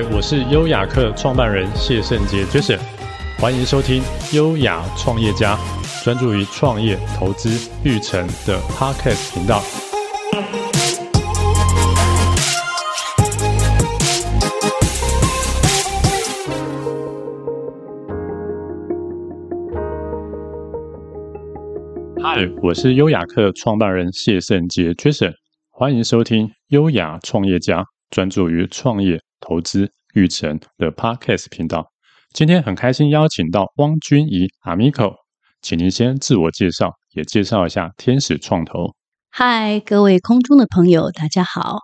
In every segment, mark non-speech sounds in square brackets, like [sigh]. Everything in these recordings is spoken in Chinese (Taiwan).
Hi, 我是優雅客創辦人謝勝傑 Jason，歡迎收聽《優雅創業家》，專注於創業投資育成的 Podcast 頻道。嗨，我是優雅客創辦人謝勝傑 Jason，歡迎收聽《優雅創業家》，專注於創業。投資育成的 Podcast 頻道，今天很開心邀請到汪君珆 Amico，請您先自我介紹，也介紹一下天使創投。嗨，各位空中的朋友，大家好。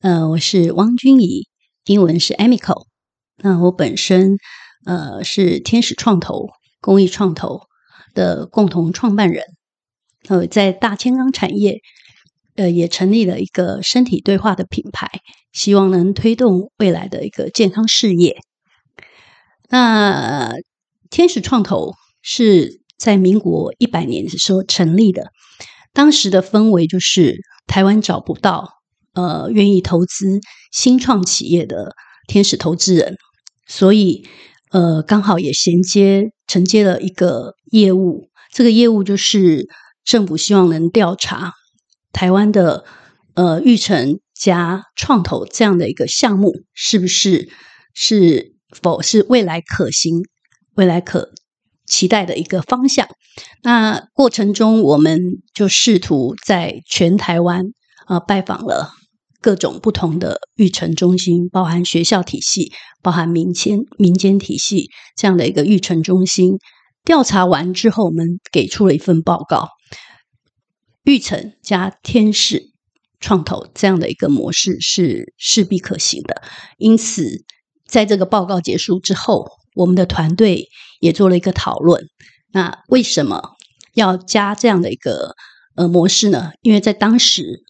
呃，我是汪君珆，英文是 Amico。那、呃、我本身呃是天使創投、公益創投的共同創辦人，呃，在大健康產業，呃也成立了一個身體對話的品牌。希望能推動未來的一個健康事業。那天使創投是在民國一百年的時候成立的，當時的氛圍就是台灣找不到呃願意投資新創企業的天使投資人，所以呃剛好也銜接承接了一個業務，這個業務就是政府希望能調查台灣的呃育成加創投這樣的一個項目，是不是是否是未來可行，未來可期待的一個方向？那過程中，我們就試圖在全台灣啊，呃、拜訪了各種不同的育成中心，包含學校體系、包含民間民間體系這樣的一個育成中心。調查完之後，我們給出了一份報告：育成加天使。創投這樣的一個模式是勢必可行的，因此在這個報告結束之後，我們的團隊也做了一個討論。那為什麼要加這樣的一個呃模式呢？因為在當時，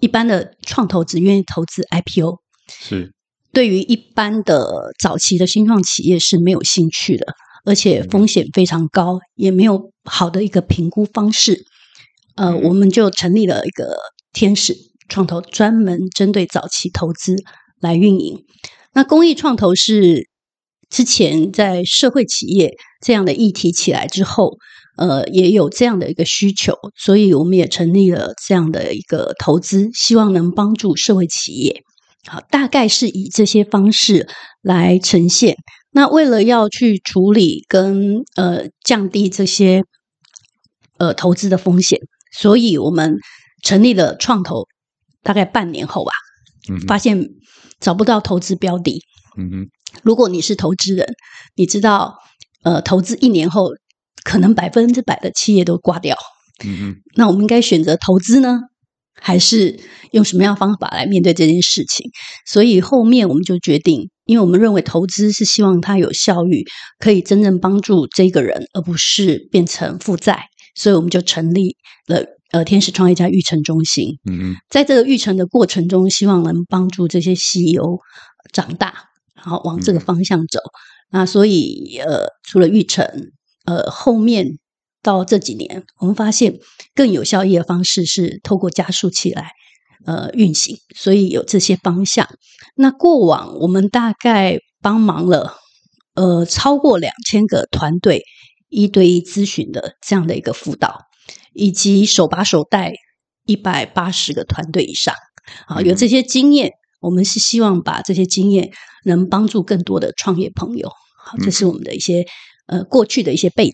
一般的創投只願意投資 IPO，是對於一般的早期的新創企業是沒有興趣的，而且風險非常高，嗯、也沒有好的一個評估方式。呃，我們就成立了一個天使創投專門針對早期投資來運營。那公益創投是之前在社會企業這樣的議題起來之後，呃，也有這樣的一個需求，所以我們也成立了這樣的一個投資，希望能幫助社會企業。好，大概是以這些方式來呈現。那為了要去處理跟呃降低這些呃投資的風險，所以我們。成立了創投，大概半年後吧，發現找不到投資標的。嗯，如果你是投資人，你知道，呃，投資一年後可能百分之百的企業都掛掉。嗯，那我們應該選擇投資呢，還是用什麼樣的方法來面對這件事情？所以後面我們就決定，因為我們認為投資是希望它有效率，可以真正幫助這個人，而不是變成負債，所以我們就成立了。呃，天使創業家育成中心，嗯，嗯，在這個育成的過程中，希望能幫助這些 CEO 長大，然後往這個方向走。嗯。那所以，呃，除了育成，呃，後面到這幾年，我們發現更有效益的方式是透過加速器來呃運行，所以有這些方向。那過往我們大概幫忙了呃超過兩千個團隊一對一諮詢的這樣的一個輔導。以及手把手帶一百八十個團隊以上，啊，有這些經驗，嗯，我們是希望把這些經驗能幫助更多的創業朋友。好，這是我們的一些、嗯、呃，過去的一些背景。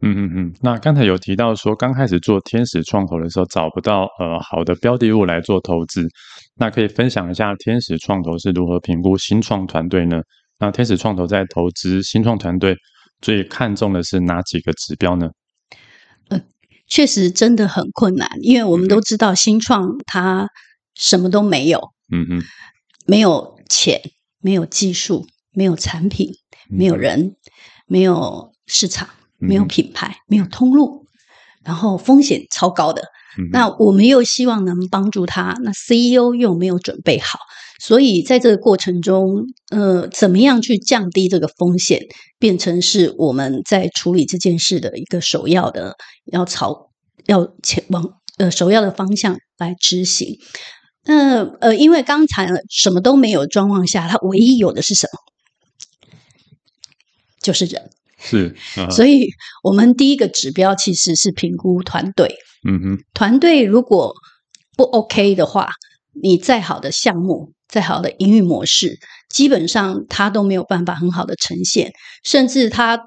嗯嗯嗯。那剛才有提到說，剛開始做天使創投的時候找不到呃好的標的物來做投資，那可以分享一下天使創投是如何評估新創團隊呢？那天使創投在投資新創團隊最看重的是哪幾個指標呢？確實真的很困難，因為我們都知道新創它什麼都沒有，嗯，沒有錢，沒有技術，沒有產品，沒有人，嗯，沒有市場，嗯，沒有品牌，沒有通路，然後風險超高的，嗯。那我們又希望能幫助他，那 CEO 又沒有準備好。所以，在這個過程中，呃，怎麼樣去降低這個風險，變成是我們在處理這件事的一個首要的要朝要前往呃首要的方向來執行。那呃，呃，因為剛才什麼都沒有狀況下，它唯一有的是什麼？就是人。是，啊，所以我們第一個指標其實是評估團隊。嗯哼，團隊如果不 OK 的話，你再好的項目，再好的營運模式，基本上他都沒有辦法很好的呈現，甚至他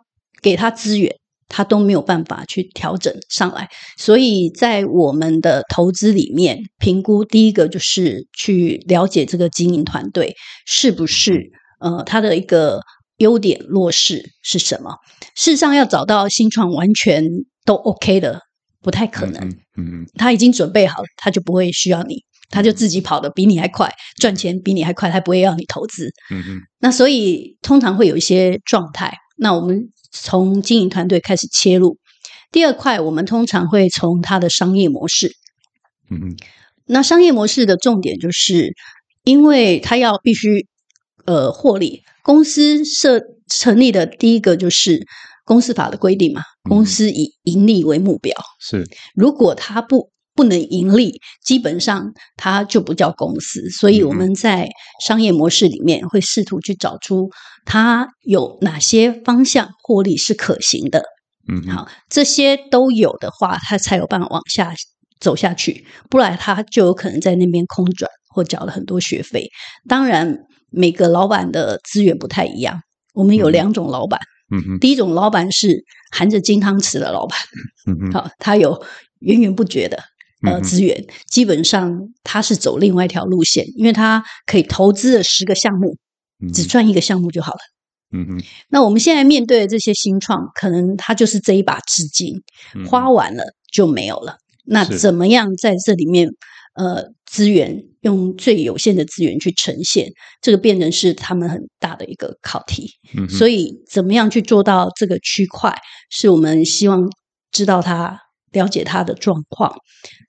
給他資源，他都沒有辦法去調整上來。所以在我們的投資裡面，評估第一個就是去了解這個經營團隊是不是呃他的一個優點、弱勢是什麼。事實上，要找到新創完全都 OK 的，不太可能。嗯嗯，他已經準備好了，他就不會需要你。他就自己跑得比你還快，賺錢比你還快，他不會要你投資。嗯嗯。那所以通常會有一些狀態。那我們從經營團隊開始切入。第二塊，我們通常會從他的商業模式。嗯嗯。那商業模式的重點就是，因為他要必須呃獲利。公司設成立的第一個就是公司法的規定嘛，公司以盈利為目標。是。嗯。如果他不。不能盈利，基本上它就不叫公司。所以我們在商業模式裡面會試圖去找出它有哪些方向獲利是可行的。嗯，好，這些都有的話，他才有辦法往下走下去。不然，他就有可能在那邊空轉或繳了很多學費。當然，每個老闆的資源不太一樣。我們有兩種老闆，嗯哼，第一種老闆是含着金湯匙的老闆，嗯哼，好，他有源源不絕的。呃，資源基本上他是走另外一條路線，因為他可以投資了十個項目，只賺一個項目就好了。嗯嗯。那我們現在面對的這些新創，可能他就是這一把資金花完了就沒有了，嗯。那怎麼樣在這裡面呃，資源用最有限的資源去呈現，這個變成是他們很大的一個考題。嗯。所以怎麼樣去做到這個區塊，是我們希望知道它。了解他的狀況。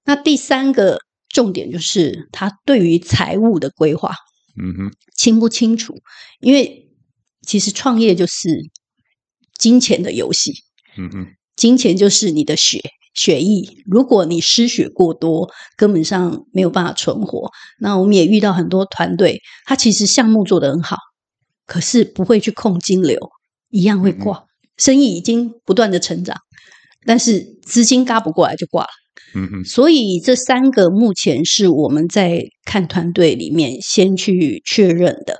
那第三個重點就是他對於財務的規劃，嗯哼，清不清楚？因為其實創業就是金錢的遊戲，嗯哼，金錢就是你的血血液。如果你失血過多，根本上沒有辦法存活。那我們也遇到很多團隊，他其實項目做得很好，可是不會去控金流，一樣會掛。嗯、生意已經不斷的成長，但是資金軋不過來就掛了，嗯，所以這三個目前是我們在看團隊裡面先去確認的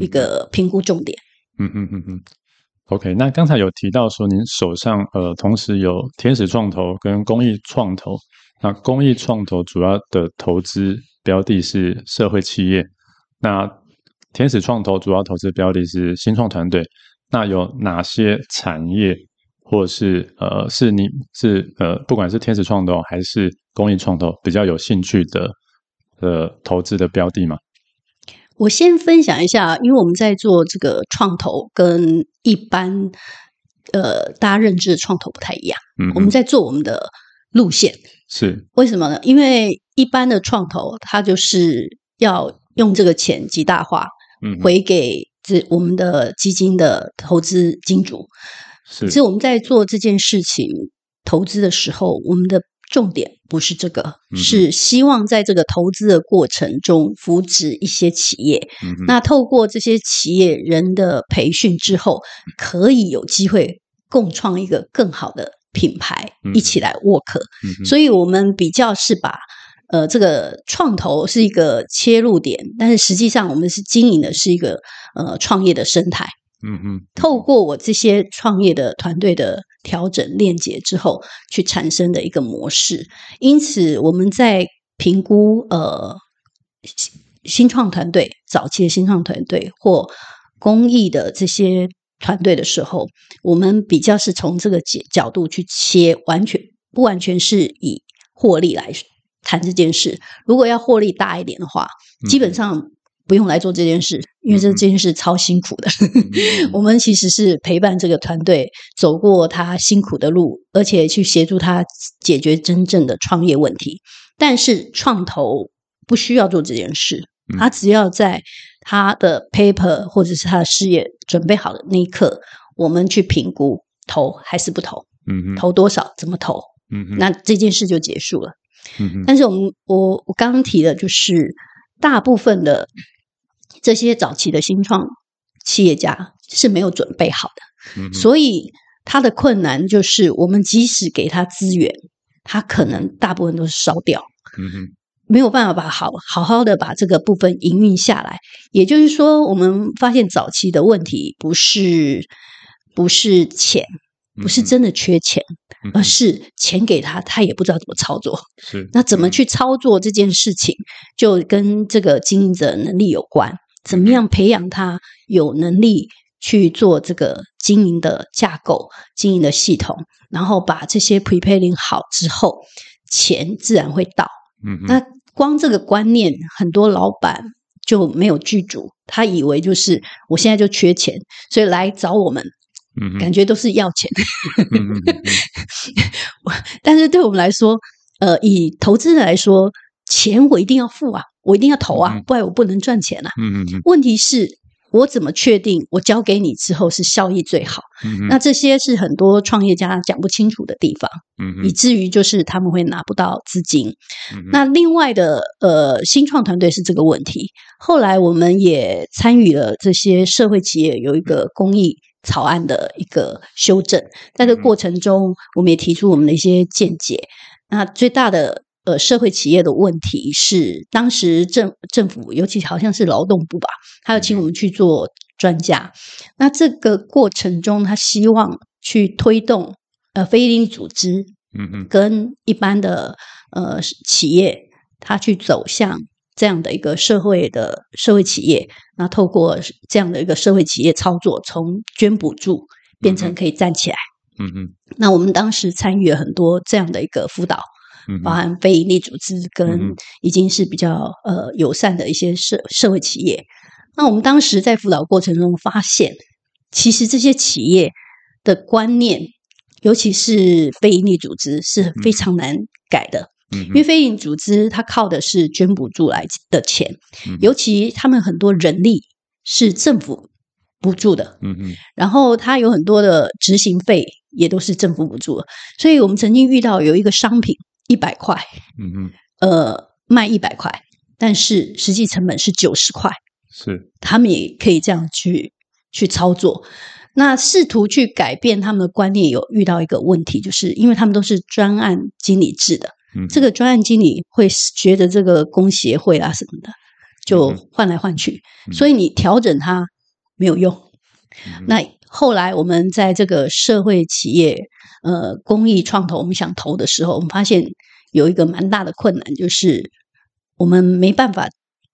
一個評估重點嗯。嗯嗯嗯嗯，嗯 OK，那剛才有提到說您手上呃，同時有天使創投跟公益創投。那公益創投主要的投資標的是社會企業，那天使創投主要投資標的是新創團隊。那有哪些產業？或者是呃，是你是呃，不管是天使創投還是公益創投，比較有興趣的呃，投資的標的嘛？我先分享一下，因為我們在做這個創投，跟一般呃大家認知的創投不太一樣。嗯，我們在做我們的路線。是。為什麼呢？因為一般的創投，它就是要用這個錢極大化，嗯，回給這我們的基金的投資金主。是其實我們在做這件事情投資的時候，我們的重點不是這個，嗯、是希望在這個投資的過程中扶植一些企業，嗯。那透過這些企業人的培訓之後，可以有機會共創一個更好的品牌，一起來沃克、嗯、所以我們比較是把呃這個創投是一個切入點，但是實際上我們是經營的是一個呃創業的生態。嗯嗯，透過我這些創業的團隊的調整鏈接之後，去產生的一個模式。因此，我們在評估呃新創團隊、早期的新創團隊或公益的這些團隊的時候，我們比較是從這個角角度去切，完全不完全是以獲利來談這件事。如果要獲利大一點的話，基本上。不用來做這件事，因為，這這件事超辛苦的。 [laughs] 我們其實是陪伴這個團隊走過他辛苦的路，而且去協助他解決真正的創業問題。但是創投不需要做這件事，他只要在他的 paper 或者是他的事業準備好的那一刻，我們去評估投還是不投，嗯，投多少，怎麼投，嗯，那這件事就結束了。嗯，但是我們我我剛剛提的就是大部分的。這些早期的新創企業家是沒有準備好的，嗯、所以他的困難就是，我們即使給他資源，他可能大部分都是燒掉，嗯哼，沒有辦法把好好好的把這個部分營運下來。也就是說，我們發現早期的問題不是不是錢，不是真的缺錢、嗯，而是錢給他，他也不知道怎麼操作。是，那怎麼去操作這件事情、嗯，就跟這個經營者能力有關。怎麼樣培養他有能力去做這個經營的架構、經營的系統？然後把這些 preparing 好之後，錢自然會到。嗯哼，那光這個觀念，很多老闆就沒有劇組，他以為就是我現在就缺錢，所以來找我們，嗯、感覺都是要錢。 [laughs] 但是對我們來說，呃，以投資人來說，錢我一定要付啊。我一定要投啊，不然我不能賺錢啊。嗯嗯。問題是，我怎麼確定我交給你之後是效益最好？嗯。那這些是很多創業家講不清楚的地方，嗯，以至於就是他們會拿不到資金。那另外的呃，新創團隊是這個問題。後來我們也參與了這些社會企業有一個公益草案的一個修正，在這個過程中，我們也提出我們的一些見解。那最大的。呃，社會企業的問題是，當時政政府，尤其好像是勞動部吧，他要請我們去做專家。那這個過程中，他希望去推動呃非營利組織，嗯嗯，跟一般的呃企業，他去走向這樣的一個社會的社會企業。那透過這樣的一個社會企業操作，從捐補助變成可以站起來，嗯嗯。那我們當時參與了很多這樣的一個輔導。包含非營利組織跟已經是比較呃友善的一些社社會企業。那我們當時在輔導過程中發現，其實這些企業的觀念，尤其是非營利組織是非常難改的。因為非營利組織它靠的是捐補助來的錢，尤其他們很多人力是政府補助的。嗯嗯。然後它有很多的執行費也都是政府補助的，所以我們曾經遇到有一個商品。一百塊，嗯嗯，呃，賣一百塊，但是實際成本是九十塊，是他們也可以這樣去去操作。那試圖去改變他們的觀念，有遇到一個問題，就是因為他們都是專案經理制的，嗯、這個專案經理會覺得這個工協會啊什麼的就換來換去，嗯，所以你調整它沒有用，嗯。那後來我們在這個社會企業。呃，公益創投，我們想投的時候，我們發現有一個蠻大的困難，就是我們沒辦法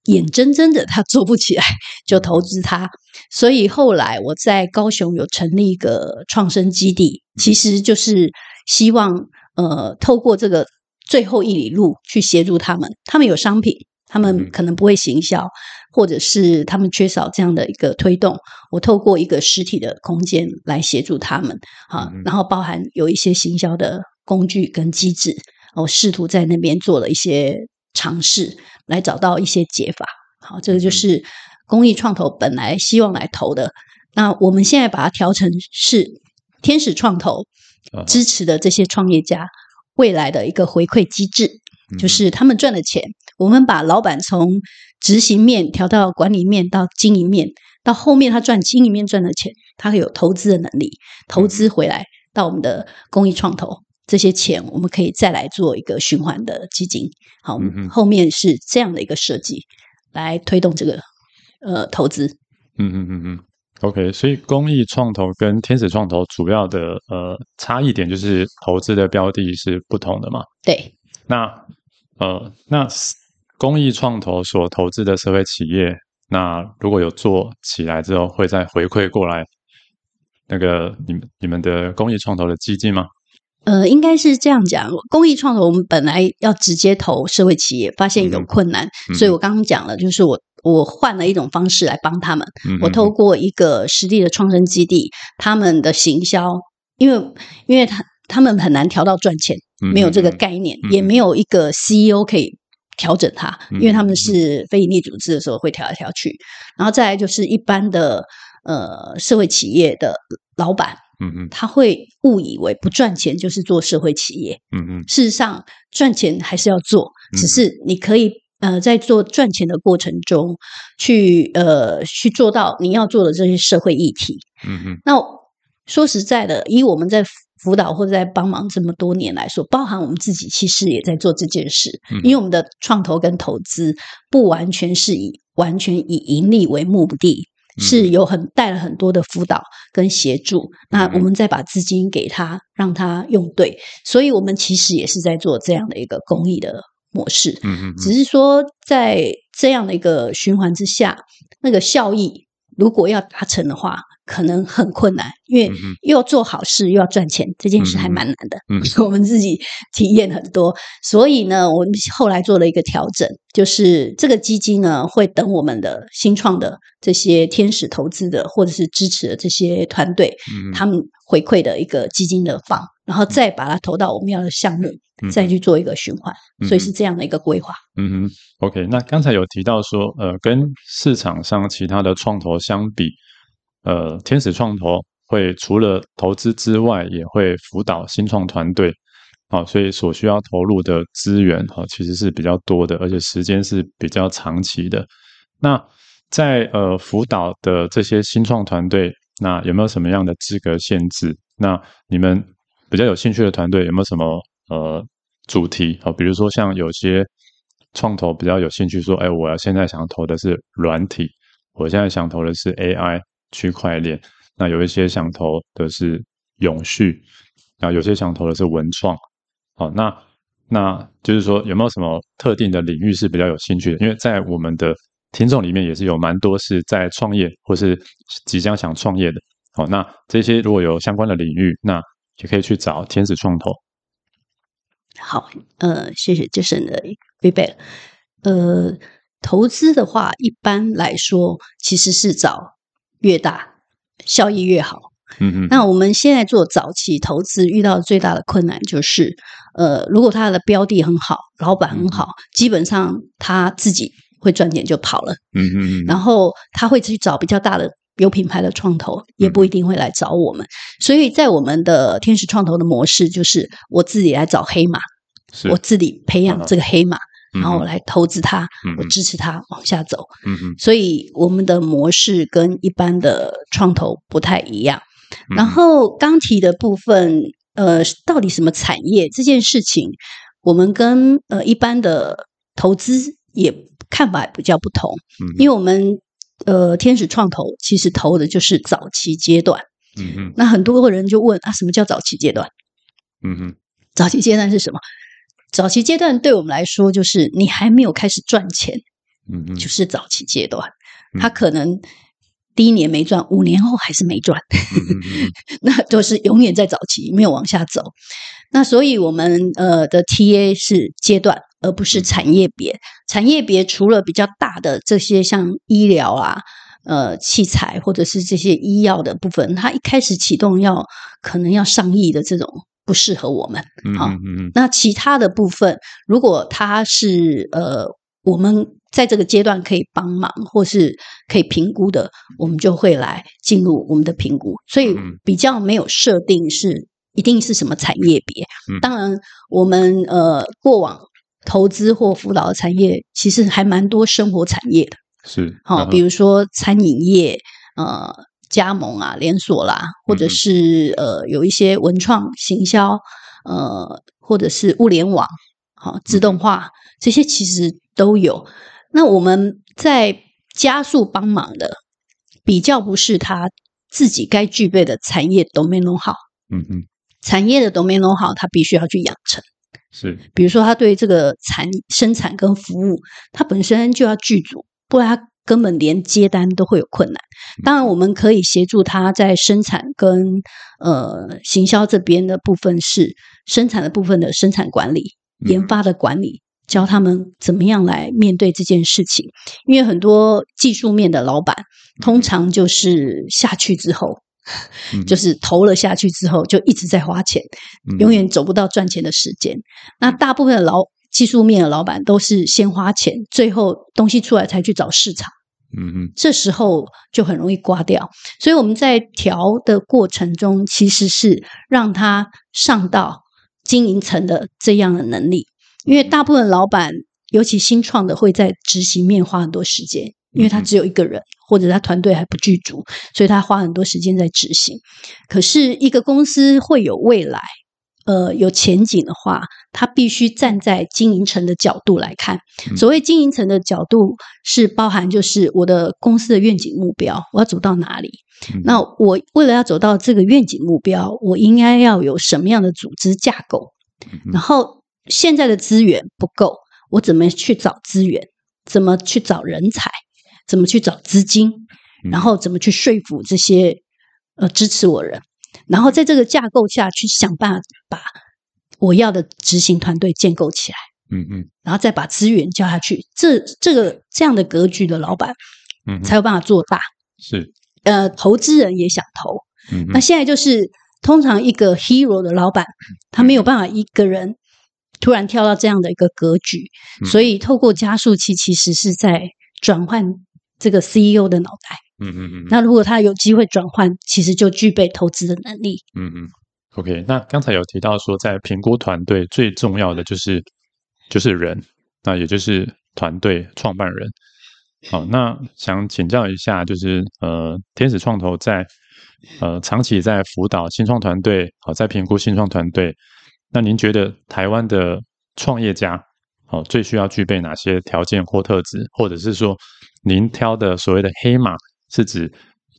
眼睜睜的他做不起來就投資他。所以後來我在高雄有成立一個創生基地，其實就是希望呃透過這個最後一里路去協助他們。他們有商品，他們可能不會行銷。或者是他們缺少這樣的一個推動，我透過一個實體的空間來協助他們，哈、啊嗯，然後包含有一些行銷的工具跟機制，我試圖在那邊做了一些嘗試，來找到一些解法。好、啊，這個就是公益創投本來希望來投的、嗯，那我們現在把它調成是天使創投支持的這些創業家未來的一個回饋機制，嗯、就是他們賺的錢，我們把老闆從。執行面調到管理面，到經營面，到後面他賺經營面賺的錢，他有投資的能力，投資回來到我們的公益創投，這些錢我們可以再來做一個循環的基金。好，後面是這樣的一個設計、嗯、來推動這個呃投資。嗯嗯嗯嗯，OK，所以公益創投跟天使創投主要的呃差異點就是投資的標的是不同的嘛？對。那呃，那。公益創投所投資的社會企業，那如果有做起來之後，會再回饋過來？那個你們你們的公益創投的基金嗎？呃，應該是這樣講，公益創投我們本來要直接投社會企業，發現有困難，嗯、所以我剛剛講了、嗯，就是我我換了一種方式來幫他們、嗯。我透過一個實地的創生基地，他們的行銷，因為因為他他們很難調到賺錢、嗯，沒有這個概念、嗯，也沒有一個 CEO 可以。調整它，因為他們是非營利組織的時候會調來調去，嗯嗯，然後再來就是一般的呃社會企業的老闆，嗯嗯，他會誤以為不賺錢就是做社會企業，嗯嗯，事實上賺錢還是要做，只是你可以呃在做賺錢的過程中去呃去做到你要做的這些社會議題，嗯嗯，嗯，那說實在的，以我們在。輔導或者在幫忙這麼多年來說，包含我們自己其實也在做這件事，因為我們的創投跟投資不完全是以完全以盈利為目的，是有很帶了很多的輔導跟協助。那我們再把資金給他，讓他用對，所以我們其實也是在做這樣的一個公益的模式。嗯嗯，只是說在這樣的一個循環之下，那個效益。如果要達成的話，可能很困難，因為又要做好事又要賺錢，嗯，這件事還蠻難的。嗯，我們自己體驗很多，嗯，所以呢，我們後來做了一個調整，就是這個基金呢會等我們的新創的這些天使投資的，或者是支持的這些團隊，嗯，他們回饋的一個基金的方，然後再把它投到我們要的項目。再去做一個循環，嗯，所以是這樣的一個規劃。嗯哼，OK。那剛才有提到說，呃，跟市場上其他的創投相比，呃，天使創投會除了投資之外，也會輔導新創團隊，啊，所以所需要投入的資源啊，其實是比較多的，而且時間是比較長期的。那在呃輔導的這些新創團隊，那有沒有什麼樣的資格限制？那你們比較有興趣的團隊有沒有什麼呃？主題啊，比如說像有些創投比較有興趣，說，哎，我要現在想投的是軟體，我現在想投的是 AI、區塊鏈，那有一些想投的是永續，啊，有些想投的是文創，哦，那那就是說有沒有什麼特定的領域是比較有興趣的？因為在我們的聽眾裡面也是有蠻多是在創業或是即將想創業的，哦，那這些如果有相關的領域，那也可以去找天使創投。好，呃，謝謝 Jason 的 feedback。呃，投資的話，一般來說其實是找越大效益越好。嗯嗯。那我們現在做早期投資遇到最大的困難就是，呃，如果他的標的很好，老板很好，嗯、基本上他自己會賺錢就跑了。嗯嗯。然後他會去找比較大的有品牌的創投，也不一定會來找我們。嗯、所以在我們的天使創投的模式，就是我自己來找黑馬。是我自己培養這個黑馬，嗯、然後我來投資它、嗯，我支持它往下走、嗯。所以我們的模式跟一般的創投不太一樣。嗯、然後剛提的部分，呃，到底什麼產業這件事情，我們跟呃一般的投資也看法也比較不同。嗯，因為我們呃天使創投其實投的就是早期階段。嗯嗯。那很多人就問啊，什麼叫早期階段？嗯嗯。早期階段是什麼？早期階段對我們來說，就是你還沒有開始賺錢，嗯嗯，就是早期階段，他可能第一年沒賺，五年後還是沒賺， [laughs] 那都是永遠在早期沒有往下走。那所以我們呃的 TA 是階段，而不是產業別。產業別除了比較大的這些像醫療啊、呃器材或者是這些醫藥的部分，它一開始啟動要可能要上億的這種。不適合我們，哦、嗯嗯。那其他的部分，如果它是呃，我們在這個階段可以幫忙或是可以評估的，我們就會來進入我們的評估。所以比較沒有設定是、嗯、一定是什麼產業別。嗯、當然，我們呃過往投資或輔導的產業，其實還蠻多生活產業的，是，好、嗯哦嗯，比如說餐飲業，呃。加盟啊，連鎖啦，或者是、嗯、呃，有一些文創、行銷，呃，或者是物聯網、好、哦、自動化、嗯、這些，其實都有。那我們在加速幫忙的，比較不是他自己該具備的產業 domain know-how。嗯嗯，產業的 domain know-how，他必須要去養成。是，比如說他對這個產生產跟服務，他本身就要具足，不然。根本連接單都會有困難。當然，我們可以協助他在生產跟呃行銷這邊的部分，是生產的部分的生產管理、研發的管理，教他們怎麼樣來面對這件事情。因為很多技術面的老板，通常就是下去之後，就是投了下去之後，就一直在花錢，永遠走不到賺錢的時間。那大部分的老技術面的老闆都是先花錢，最後東西出來才去找市場。嗯哼，這時候就很容易掛掉。所以我們在調的過程中，其實是讓他上到經營層的這樣的能力。因為大部分老闆，尤其新創的，會在執行面花很多時間，因為他只有一個人，或者他團隊還不具足，所以他花很多時間在執行。可是一個公司會有未來，呃，有前景的話，他必須站在經營層的角度來看。所謂經營層的角度，是包含就是我的公司的願景目標，我要走到哪裡？那我為了要走到這個願景目標，我應該要有什麼樣的組織架構？然後現在的資源不夠，我怎麼去找資源？怎麼去找人才？怎麼去找資金？然後怎麼去說服這些呃支持我人，然後在這個架構下去想辦法我要的執行團隊建構起來，嗯嗯，然後再把資源交下去，這這個這樣的格局的老闆，嗯，才有辦法做大。是，呃，投資人也想投，嗯，那現在就是通常一個 hero 的老闆，他沒有辦法一個人突然跳到這樣的一個格局，嗯，所以透過加速器，其實是在轉換這個 CEO 的腦袋，嗯嗯嗯。那如果他有機會轉換，其實就具備投資的能力，嗯嗯。OK，那剛才有提到說，在評估團隊最重要的就是就是人，那也就是團隊創辦人。好，那想請教一下，就是呃，天使創投在呃長期在輔導新創團隊，好，在評估新創團隊，那您覺得台灣的創業家哦最需要具備哪些條件或特質，或者是說您挑的所謂的黑馬是指？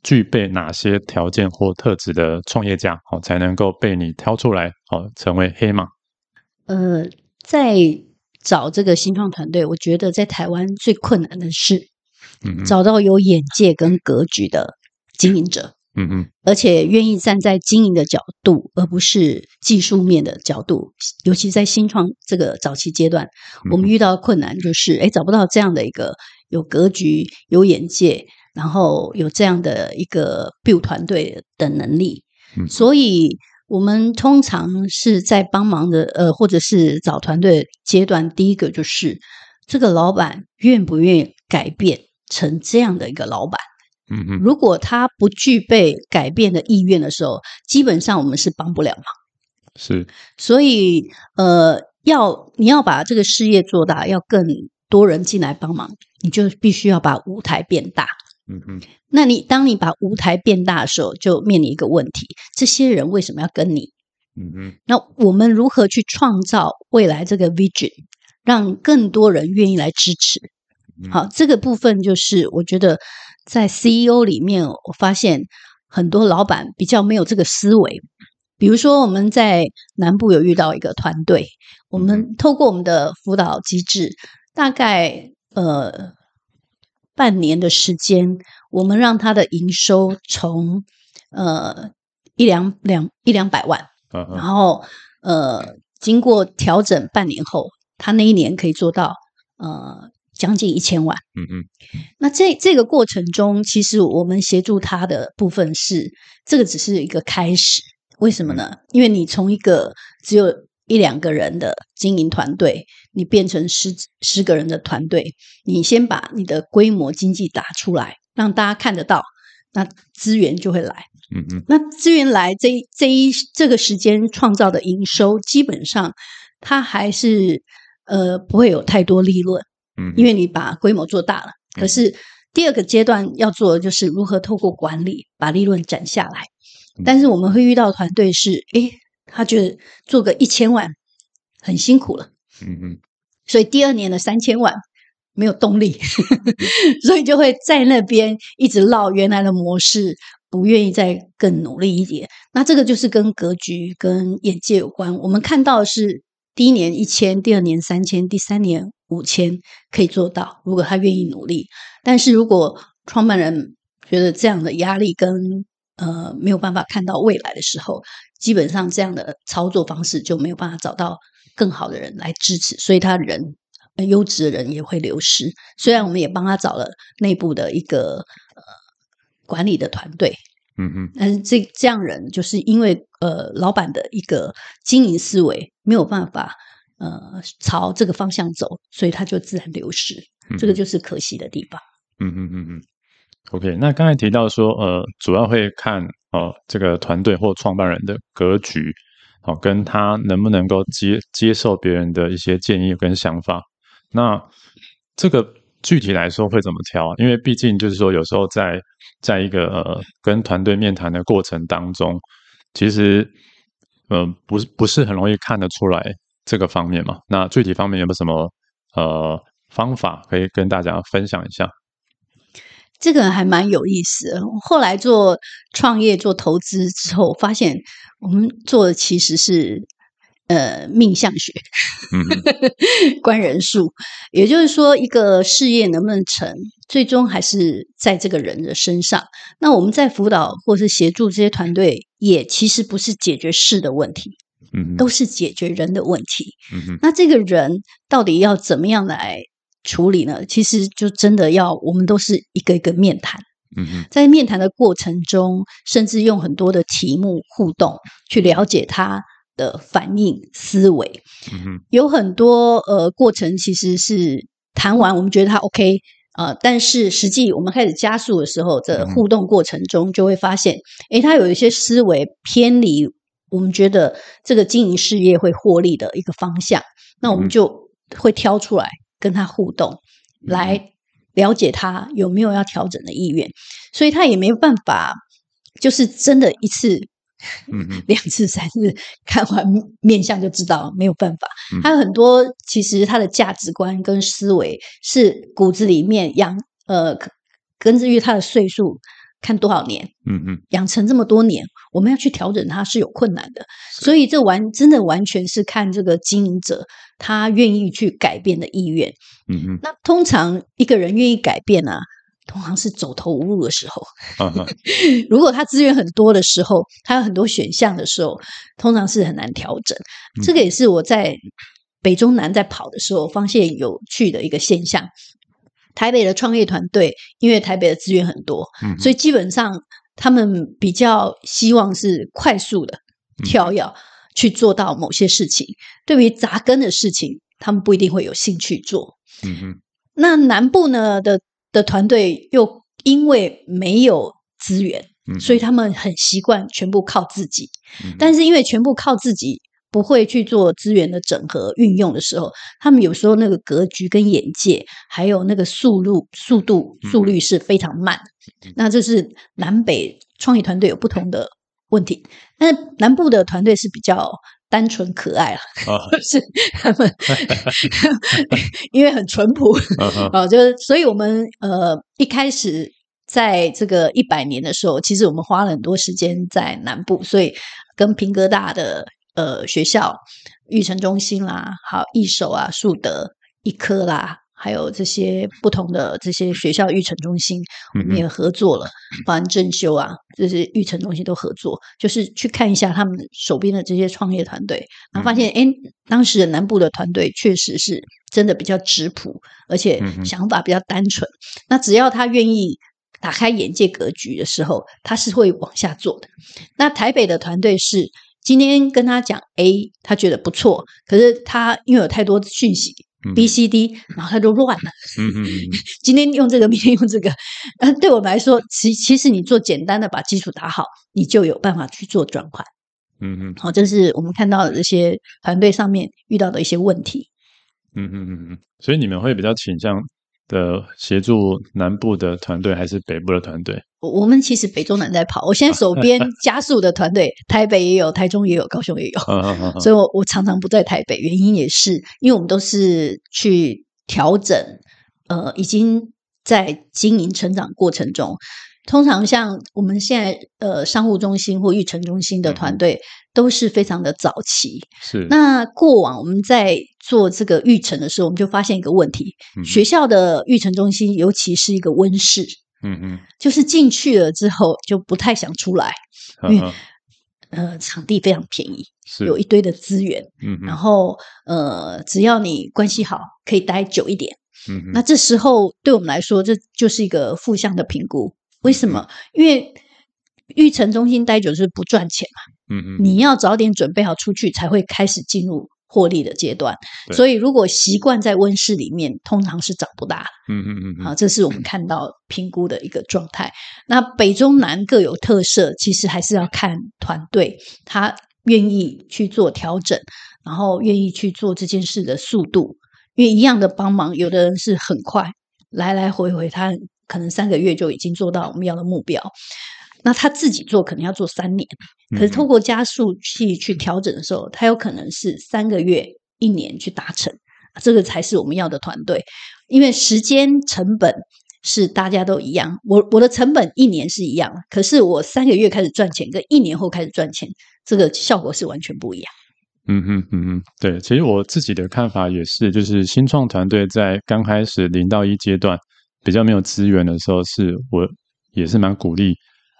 具備哪些條件或特質的創業家，好，才能夠被你挑出來，好，成為黑馬？呃，在找這個新創團隊，我覺得在台灣最困難的是，嗯，找到有眼界跟格局的經營者，嗯嗯，而且願意站在經營的角度，而不是技術面的角度。尤其在新創這個早期階段，我們遇到的困難就是，哎，找不到這樣的一個有格局、有眼界。然後有這樣的一個 Build 團隊的能力，嗯，所以我們通常是在幫忙的，呃，或者是找團隊階段，第一個就是這個老闆願不願意改變成這樣的一個老闆。嗯嗯，如果他不具備改變的意願的時候，基本上我們是幫不了忙。是，所以呃，要你要把這個事業做大，要更多人進來幫忙，你就必須要把舞台變大。嗯哼，那你當你把舞台變大的時候，就面臨一個問題：這些人為什麼要跟你？嗯嗯，那我們如何去創造未來這個 vision，讓更多人願意來支持？好，這個部分就是我覺得在 CEO 裡面，我發現很多老闆比較沒有這個思維。比如說，我們在南部有遇到一個團隊，我們透過我們的輔導機制，大概呃。半年的時間，我們讓他的營收從呃一兩兩一兩百萬，然後呃經過調整半年後，他那一年可以做到呃將近一千萬。嗯嗯，那這這個過程中，其實我們協助他的部分是這個只是一個開始。為什麼呢？因為你從一個只有，一兩個人的經營團隊，你變成十十個人的團隊，你先把你的規模經濟打出來，讓大家看得到，那資源就會來。嗯嗯。那資源來這，這這一這個時間創造的營收，基本上它還是呃不會有太多利潤。嗯。因為你把規模做大了，可是第二個階段要做的就是如何透過管理把利潤攢下來。但是我們會遇到團隊是誒。他覺得做個一千萬很辛苦了，嗯嗯，所以第二年的三千萬沒有動力， [laughs] 所以就會在那邊一直繞原來的模式，不願意再更努力一點。那這個就是跟格局、跟眼界有關。我們看到的是第一年一千，第二年三千，第三年五千可以做到，如果他願意努力。但是如果創辦人覺得這樣的壓力跟呃沒有辦法看到未來的時候，基本上這樣的操作方式就沒有辦法找到更好的人來支持，所以他人，呃，優質的人也會流失。雖然我們也幫他找了內部的一個呃管理的團隊，嗯嗯，但是這這樣人就是因為呃老板的一個經營思維沒有辦法呃朝這個方向走，所以他就自然流失。嗯、這個就是可惜的地方。嗯嗯嗯嗯。OK，那剛才提到說，呃，主要會看呃這個團隊或創辦人的格局，哦、呃，跟他能不能夠接接受別人的一些建議跟想法。那這個具體來說會怎麼挑啊？因為畢竟就是說，有時候在在一個呃跟團隊面談的過程當中，其實呃，不是不是很容易看得出來這個方面嘛。那具體方面有沒有什麼呃方法可以跟大家分享一下？這個還蠻有意思的。後來做創業，做投資之後，發現我們做的其實是呃命相學、嗯、 [laughs] 觀人術，也就是說，一個事業能不能成，最終還是在這個人的身上。那我們在輔導或是協助這些團隊，也其實不是解決事的問題，都是解決人的問題。嗯嗯，那這個人到底要怎麼樣來？處理呢，其實就真的要我們都是一個一個面談。嗯，在面談的過程中，甚至用很多的題目互動去了解他的反應思維。嗯，有很多呃過程其實是談完，我們覺得他 OK 呃，但是實際我們開始加速的時候，這互動過程中就會發現，嗯、誒，他有一些思維偏離我們覺得這個經營事業會獲利的一個方向，那我們就會挑出來。跟他互動，來了解他有沒有要調整的意願，所以他也沒有辦法，就是真的一次、兩次、三次看完面相就知道，沒有辦法。還有很多，其實他的價值觀跟思維是骨子裡面養，呃，根植於他的歲數，看多少年，嗯嗯，養成這麼多年，我們要去調整他是有困難的，所以這完真的完全是看這個經營者。他願意去改變的意願，嗯嗯，那通常一個人願意改變呢、啊，通常是走投無路的時候。 [laughs] 如果他資源很多的時候，他有很多選項的時候，通常是很難調整、嗯。這個也是我在北中南在跑的時候發現有趣的一個現象。台北的創業團隊，因為台北的資源很多、嗯，所以基本上他們比較希望是快速的跳躍。嗯去做到某些事情，對於紮根的事情，他們不一定會有興趣做。嗯哼。那南部呢的的團隊又因為沒有資源、嗯，所以他們很習慣全部靠自己。嗯、但是因為全部靠自己，不會去做資源的整合運用的時候，他們有時候那個格局跟眼界，還有那個速度，速度速率是非常慢。嗯、那這是南北創業團隊有不同的。問題，但是南部的團隊是比較單純可愛了，oh. [laughs] 是他們 [laughs] 因為很淳樸，uh -huh. 哦、就所以我們呃一開始在這個一百年的時候，其實我們花了很多時間在南部，所以跟平哥大的呃學校育成中心啦，好一手啊、樹德一科啦、還有這些不同的這些學校育成中心、嗯，我們也合作了，包含正修啊，這些育成中心都合作，就是去看一下他們手邊的這些創業團隊，然後發現，哎、嗯，當時的南部的團隊確實是真的比較質樸，而且想法比較單純、嗯。那只要他願意打開眼界格局的時候，他是會往下做的。那台北的團隊是今天跟他講 A，他覺得不錯，可是他因為有太多訊息。Okay. B、C、D，然後它就亂了。嗯嗯，今天用這個，明天用這個。但對我們來說，其其實你做簡單的，把基礎打好，你就有辦法去做轉換。嗯嗯，好、哦，這、就是我們看到的這些團隊上面遇到的一些問題。嗯哼嗯嗯嗯，所以你們會比較傾向。的協助南部的團隊還是北部的團隊？我們其實北中南在跑，我現在手邊加速的團隊， [laughs] 台北也有，台中也有，高雄也有， [laughs] 所以我，我我常常不在台北，原因也是因為我們都是去調整，呃，已經在經營成長過程中。通常像我們現在呃商務中心或育成中心的團隊都是非常的早期。嗯、是。那過往我們在做這個育成的時候，我們就發現一個問題、嗯：學校的育成中心，尤其是一個溫室。嗯嗯。就是進去了之後就不太想出來，嗯、因為呃場地非常便宜，是有一堆的資源。嗯嗯。然後呃只要你關係好，可以待久一點。嗯。那這時候對我們來說，這就是一個負向的評估。為什麼？因為育成中心待久是不賺錢嘛。嗯嗯。你要早點準備好出去，才會開始進入獲利的階段。所以，如果習慣在溫室裡面，通常是長不大。嗯嗯嗯，嗯。啊，這是我們看到評估的一個狀態。嗯。那北中南各有特色，其實還是要看團隊他願意去做調整，然後願意去做這件事的速度。因為一樣的幫忙，有的人是很快，來來回回他。可能三個月就已經做到我們要的目標，那他自己做可能要做三年，可是透過加速器去調整的時候，他有可能是三個月、一年去達成，這個才是我們要的團隊，因為時間成本是大家都一樣，我我的成本一年是一樣，可是我三個月開始賺錢跟一年後開始賺錢，這個效果是完全不一樣。嗯哼嗯嗯嗯，對，其實我自己的看法也是，就是新創團隊在剛開始零到一階段。比較沒有資源的時候，是我也是蠻鼓勵，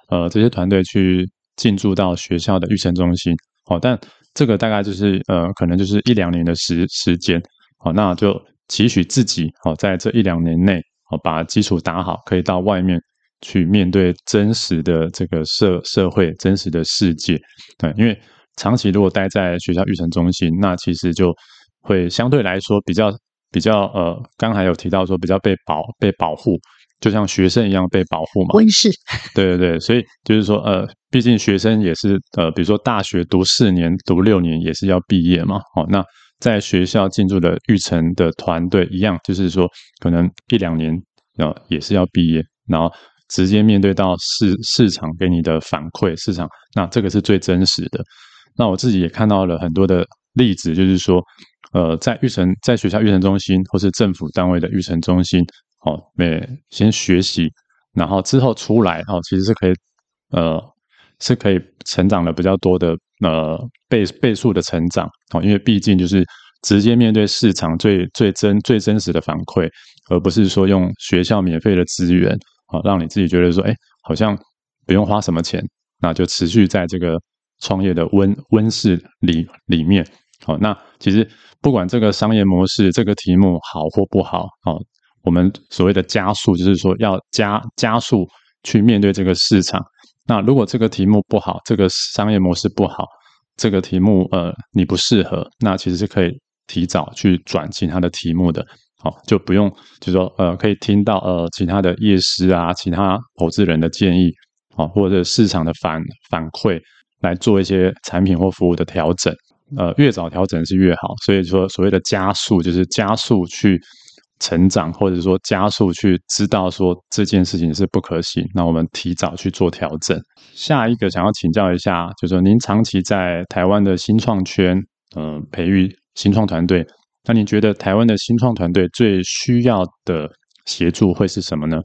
呃，這些團隊去進駐到學校的育成中心，好、哦、但這個大概就是，呃，可能就是一兩年的時時間，好、哦、那我就期許自己，好、哦、在這一兩年內，好、哦、把基礎打好，可以到外面去面對真實的這個社社會、真實的世界，對，因為長期如果待在學校育成中心，那其實就會相對來說比較。比較呃，剛才有提到說比較被保被保護，就像學生一樣被保護嘛。溫室。對對對，所以就是說呃，畢竟學生也是呃，比如說大學讀四年、讀六年也是要畢業嘛。哦，那在學校進駐的育成的團隊一樣，就是說可能一兩年，呃，也是要畢業，然後直接面對到市市場給你的反饋，市場，那這個是最真實的。那我自己也看到了很多的例子，就是說。呃，在育成在學校育成中心，或是政府單位的育成中心，哦，每先學習，然後之後出來哦，其實是可以，呃，是可以成長了比較多的，呃，倍倍數的成長哦，因為畢竟就是直接面對市場最最真最真實的反饋，而不是說用學校免費的資源好，哦，讓你自己覺得說，哎，好像不用花什麼錢，那就持續在這個創業的溫溫室裡裡面。好、哦，那其實不管這個商業模式，這個題目好或不好，哦，我們所謂的加速就是說要加加速去面對這個市場。那如果這個題目不好，這個商業模式不好，這個題目呃你不適合，那其實是可以提早去轉其他的題目的。好、哦，就不用就是說呃可以聽到呃其他的業師啊、其他投資人的建議，哦、或者市場的反反饋來做一些產品或服務的調整。呃，越早調整是越好，所以說所謂的加速就是加速去成長，或者說加速去知道說這件事情是不可行，那我們提早去做調整。下一個想要請教一下，就是說您長期在台灣的新創圈，嗯、呃，培育新創團隊，那您覺得台灣的新創團隊最需要的協助會是什麼呢？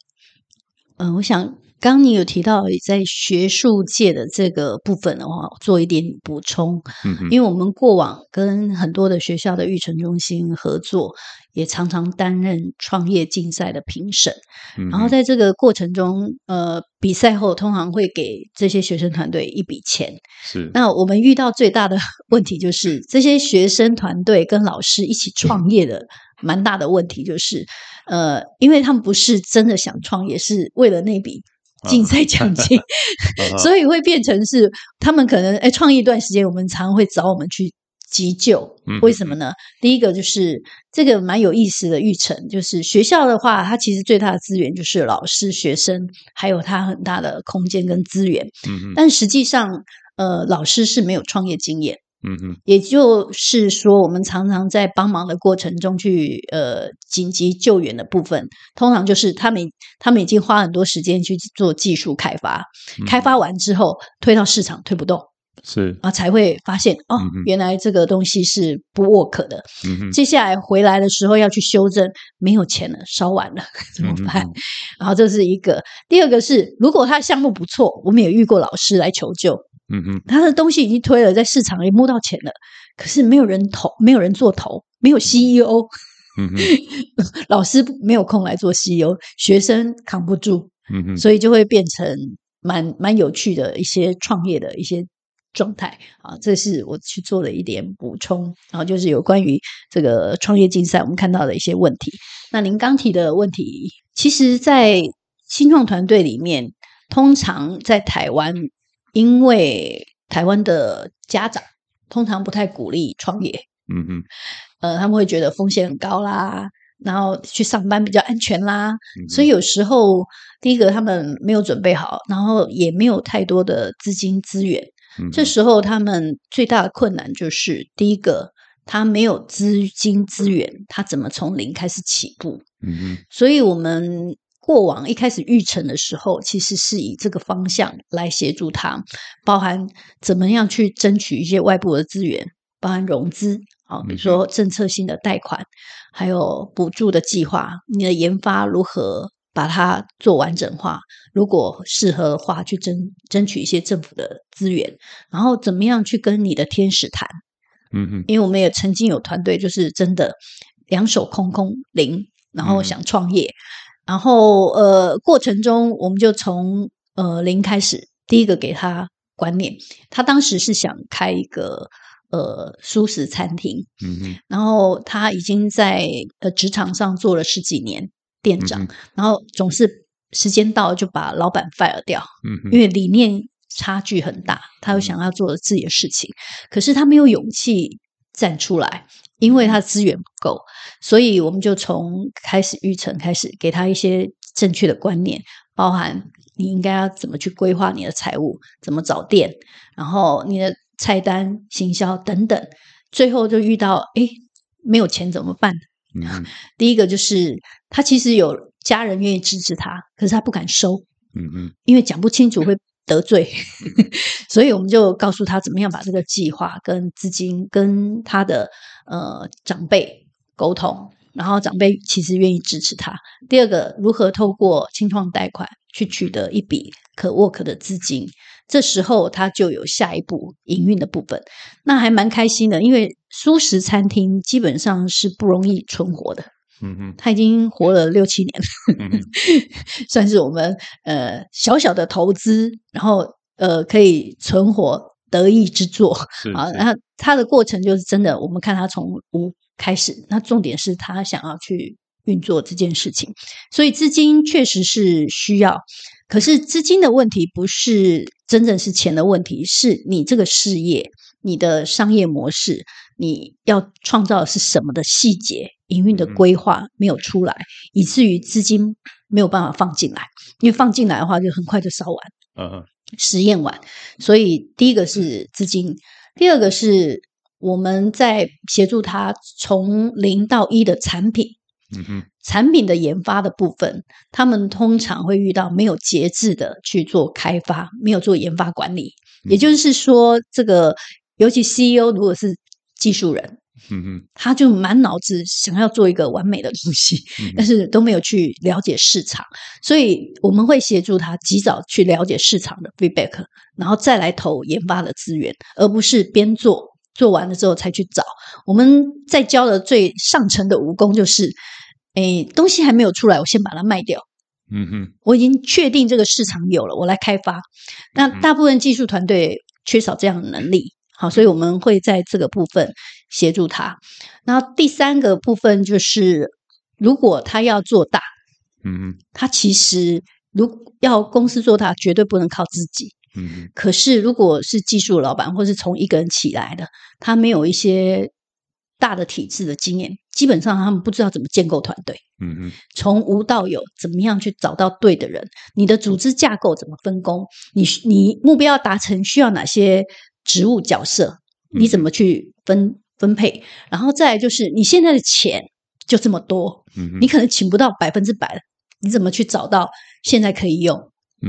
嗯、呃，我想。剛你有提到在學術界的這個部分的話，做一點補充。嗯，因為我們過往跟很多的學校的育成中心合作，也常常擔任創業競賽的評審，嗯。然後在這個過程中，呃，比賽後通常會給這些學生團隊一筆錢。是，那我們遇到最大的問題就是，這些學生團隊跟老師一起創業的蠻大的問題就是，呃，因為他們不是真的想創業，是為了那筆。競賽獎金 [laughs] [laughs] [laughs] [laughs] 所以會變成是他們可能哎，創業一段時間，我們常會找我們去急救。嗯、哼哼為什麼呢？第一個就是這個蠻有意思的預。育成就是學校的話，它其實最大的資源就是老師、學生，還有它很大的空間跟資源。嗯，但實際上，呃，老師是沒有創業經驗。嗯嗯，也就是說，我們常常在幫忙的過程中去呃緊急救援的部分，通常就是他們他們已經花很多時間去做技術開發、嗯，開發完之後推到市場推不動，是啊才會發現哦、嗯，原來這個東西是不 work 的。嗯，接下來回來的時候要去修正，沒有錢了，燒完了 [laughs] 怎麼辦、嗯？然後這是一個，第二個是如果他項目不錯，我們也遇過老師來求救。嗯哼，他的東西已經推了，在市場也摸到錢了，可是沒有人投，沒有人做投，沒有 CEO，嗯、 [laughs] 老師沒有空來做 CEO，學生扛不住，嗯、所以就會變成蠻蠻有趣的一些創業的一些狀態啊。這是我去做了一點補充，然、啊、後就是有關於這個創業競賽，我們看到的一些問題。那您剛提的問題，其實，在青創團隊裡面，通常在台灣。因為台灣的家長通常不太鼓勵創業，嗯哼，呃，他們會覺得風險很高啦，然後去上班比較安全啦，嗯、所以有時候第一個他們沒有準備好，然後也沒有太多的資金資源，嗯、這時候他們最大的困難就是第一個他沒有資金資源，他怎麼從零開始起步？嗯哼，所以我們。過往一開始育成的時候，其實是以這個方向來協助他，包含怎麼樣去爭取一些外部的資源，包含融資啊，比如說政策性的貸款，還有補助的計劃。你的研發如何把它做完整化？如果適合的話，去爭爭取一些政府的資源。然後怎麼樣去跟你的天使談？嗯嗯，因為我們也曾經有團隊，就是真的兩手空空零，然後想創業。然後呃，過程中我們就從呃零開始，第一個給他觀念。他當時是想開一個呃素食餐廳，嗯嗯，然後他已經在呃職場上做了十幾年店長，嗯，然後總是時間到了就把老板 fire 了掉，嗯，因為理念差距很大，他又想要做了自己的事情，嗯，可是他沒有勇氣站出來，因為他資源不夠。所以我們就從開始育成開始，給他一些正確的觀念，包含你應該要怎麼去規劃你的財務，怎麼找店，然後你的菜單、行銷等等。最後就遇到，哎，沒有錢怎麼辦？嗯、第一個就是他其實有家人願意支持他，可是他不敢收，嗯嗯，因為講不清楚會得罪， [laughs] 所以我們就告訴他怎麼樣把這個計劃跟資金跟他的呃長輩。溝通，然後長輩其實願意支持他。第二個，如何透過青創貸款去取得一筆可 work 的資金？這時候他就有下一步營運的部分，那還蠻開心的，因為素食餐廳基本上是不容易存活的。嗯嗯，他已經活了六七年，嗯、 [laughs] 算是我們呃小小的投資，然後呃可以存活得意之作啊。然後他的過程就是真的，我們看他從無。開始，那重點是他想要去運作這件事情，所以資金確實是需要。可是資金的問題不是真正是錢的問題，是你這個事業、你的商業模式，你要創造的是什麼的細節、營運的規劃沒有出來，嗯、以至於資金沒有辦法放進來。因為放進來的話，就很快就燒完，嗯嗯，實驗完。所以第一個是資金，第二個是。我們在協助他從零到一的產品，嗯哼，產品的研發的部分，他們通常會遇到沒有節制的去做開發，沒有做研發管理。嗯、也就是說，這個尤其 CEO 如果是技術人，嗯哼，他就滿腦子想要做一個完美的東西，嗯，但是都沒有去了解市場，所以我們會協助他及早去了解市場的 feedback，然後再來投研發的資源，而不是邊做，做完了之後才去找。我們在教的最上乘的武功就是，哎、欸，東西還沒有出來，我先把它賣掉。嗯哼，我已經確定這個市場有了，我來開發。那大部分技術團隊缺少這樣的能力，好，所以我們會在這個部分協助他。然後第三個部分就是，如果他要做大，嗯，他其實如要公司做大，絕對不能靠自己。嗯，可是如果是技術老闆，或是從一個人起來的，他沒有一些大的體制的經驗，基本上他們不知道怎麼建構團隊。嗯嗯，從無到有，怎麼樣去找到對的人？你的組織架構怎麼分工？你你目標要達成需要哪些職務角色？你怎麼去分分配？然後再來就是你現在的錢就這麼多，嗯，你可能請不到百分之百，你怎麼去找到現在可以用？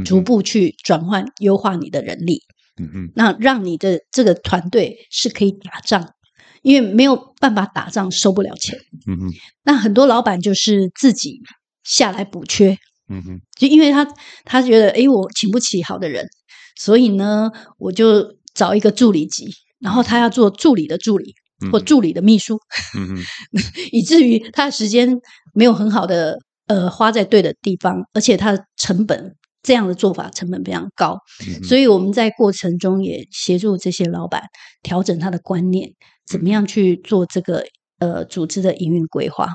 逐步去轉換優化你的人力，嗯嗯，那讓你的這個團隊是可以打仗，因為沒有辦法打仗收不了錢，嗯嗯，那很多老板就是自己下來補缺，嗯嗯，就因為他他覺得誒、哎，我請不起好的人，所以呢我就找一個助理級，然後他要做助理的助理或助理的秘書，嗯 [laughs] 以至於他的時間沒有很好的呃花在對的地方，而且他的成本。這樣的做法成本非常高，所以我們在過程中也協助這些老闆調整他的觀念，怎麼樣去做這個呃組織的營運規劃？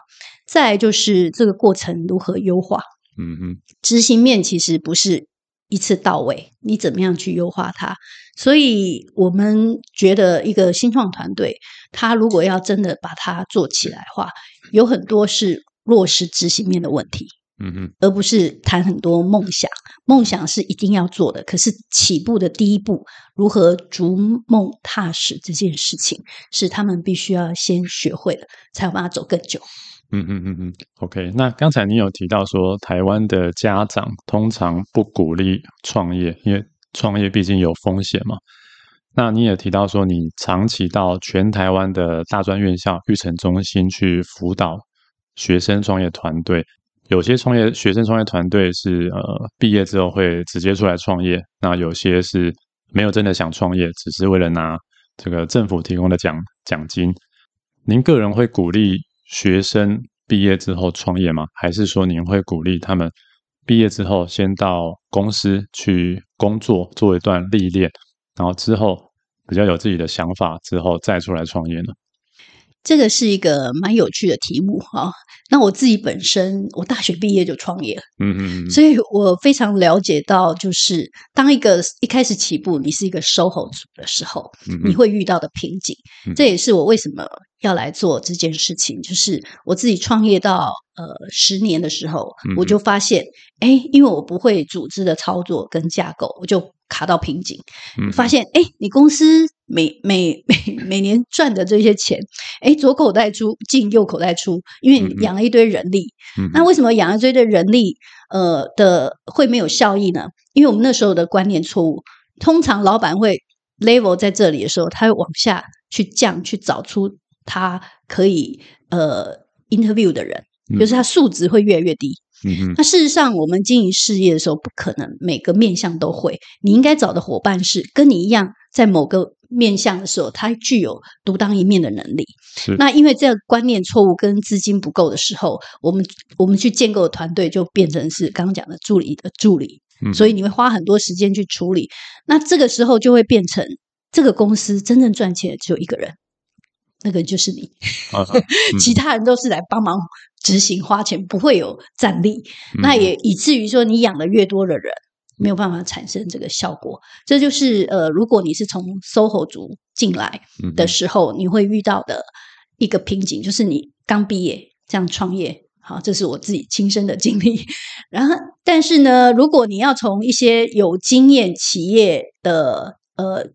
再來就是這個過程如何優化？嗯哼，執行面其實不是一次到位，你怎麼樣去優化它？所以我們覺得一個新創團隊，他如果要真的把它做起來的話，有很多是落實執行面的問題。嗯嗯，而不是談很多夢想，夢想是一定要做的，可是起步的第一步，如何逐夢踏實這件事情，是他們必須要先學會的，才有辦法走更久。嗯哼嗯嗯嗯，OK。那剛才你有提到說，台灣的家長通常不鼓勵創業，因為創業畢竟有風險嘛。那你也提到說，你長期到全台灣的大專院校育成中心去輔導學生創業團隊。有些創業學生創業團隊是呃畢業之後會直接出來創業，那有些是沒有真的想創業，只是為了拿這個政府提供的獎獎金。您個人會鼓勵學生畢業之後創業嗎？還是說您會鼓勵他們畢業之後先到公司去工作，做一段歷練，然後之後比較有自己的想法之後再出來創業呢？這個是一個蠻有趣的題目哈。那我自己本身，我大學畢業就創業，嗯嗯，所以我非常了解到，就是當一個一開始起步，你是一個 SOHO 組的時候，你會遇到的瓶頸。這也是我為什麼要來做這件事情，就是我自己創業到呃十年的時候，我就發現，哎，因為我不會組織的操作跟架構，我就。卡到瓶頸，發現哎、欸，你公司每每每每年賺的這些錢，哎、欸，左口袋出進右口袋出，因為養了一堆人力。那為什麼養了一堆人力，呃的會沒有效益呢？因為我們那時候的觀念錯誤。通常老闆會 level 在這裡的時候，他會往下去降，去找出他可以呃 interview 的人，就是他數值會越來越低。那事實上，我們經營事業的時候，不可能每個面向都會。你應該找的夥伴是跟你一樣，在某個面向的時候，他具有獨當一面的能力。那因為這個觀念錯誤跟資金不夠的時候，我們我們去建構的團隊，就變成是剛剛講的助理的助理。所以你會花很多時間去處理。那這個時候就會變成這個公司真正賺錢的只有一個人，那個就是你， [laughs] 其他人都是來幫忙。執行花錢不會有戰力，嗯、那也以至於說你養的越多的人，嗯，沒有辦法產生這個效果。這就是呃，如果你是從 SOHO 族進來的時候，嗯，你會遇到的一個瓶頸，就是你剛畢業這樣創業。好，啊，這是我自己親身的經歷。然後，但是呢，如果你要從一些有經驗企業的呃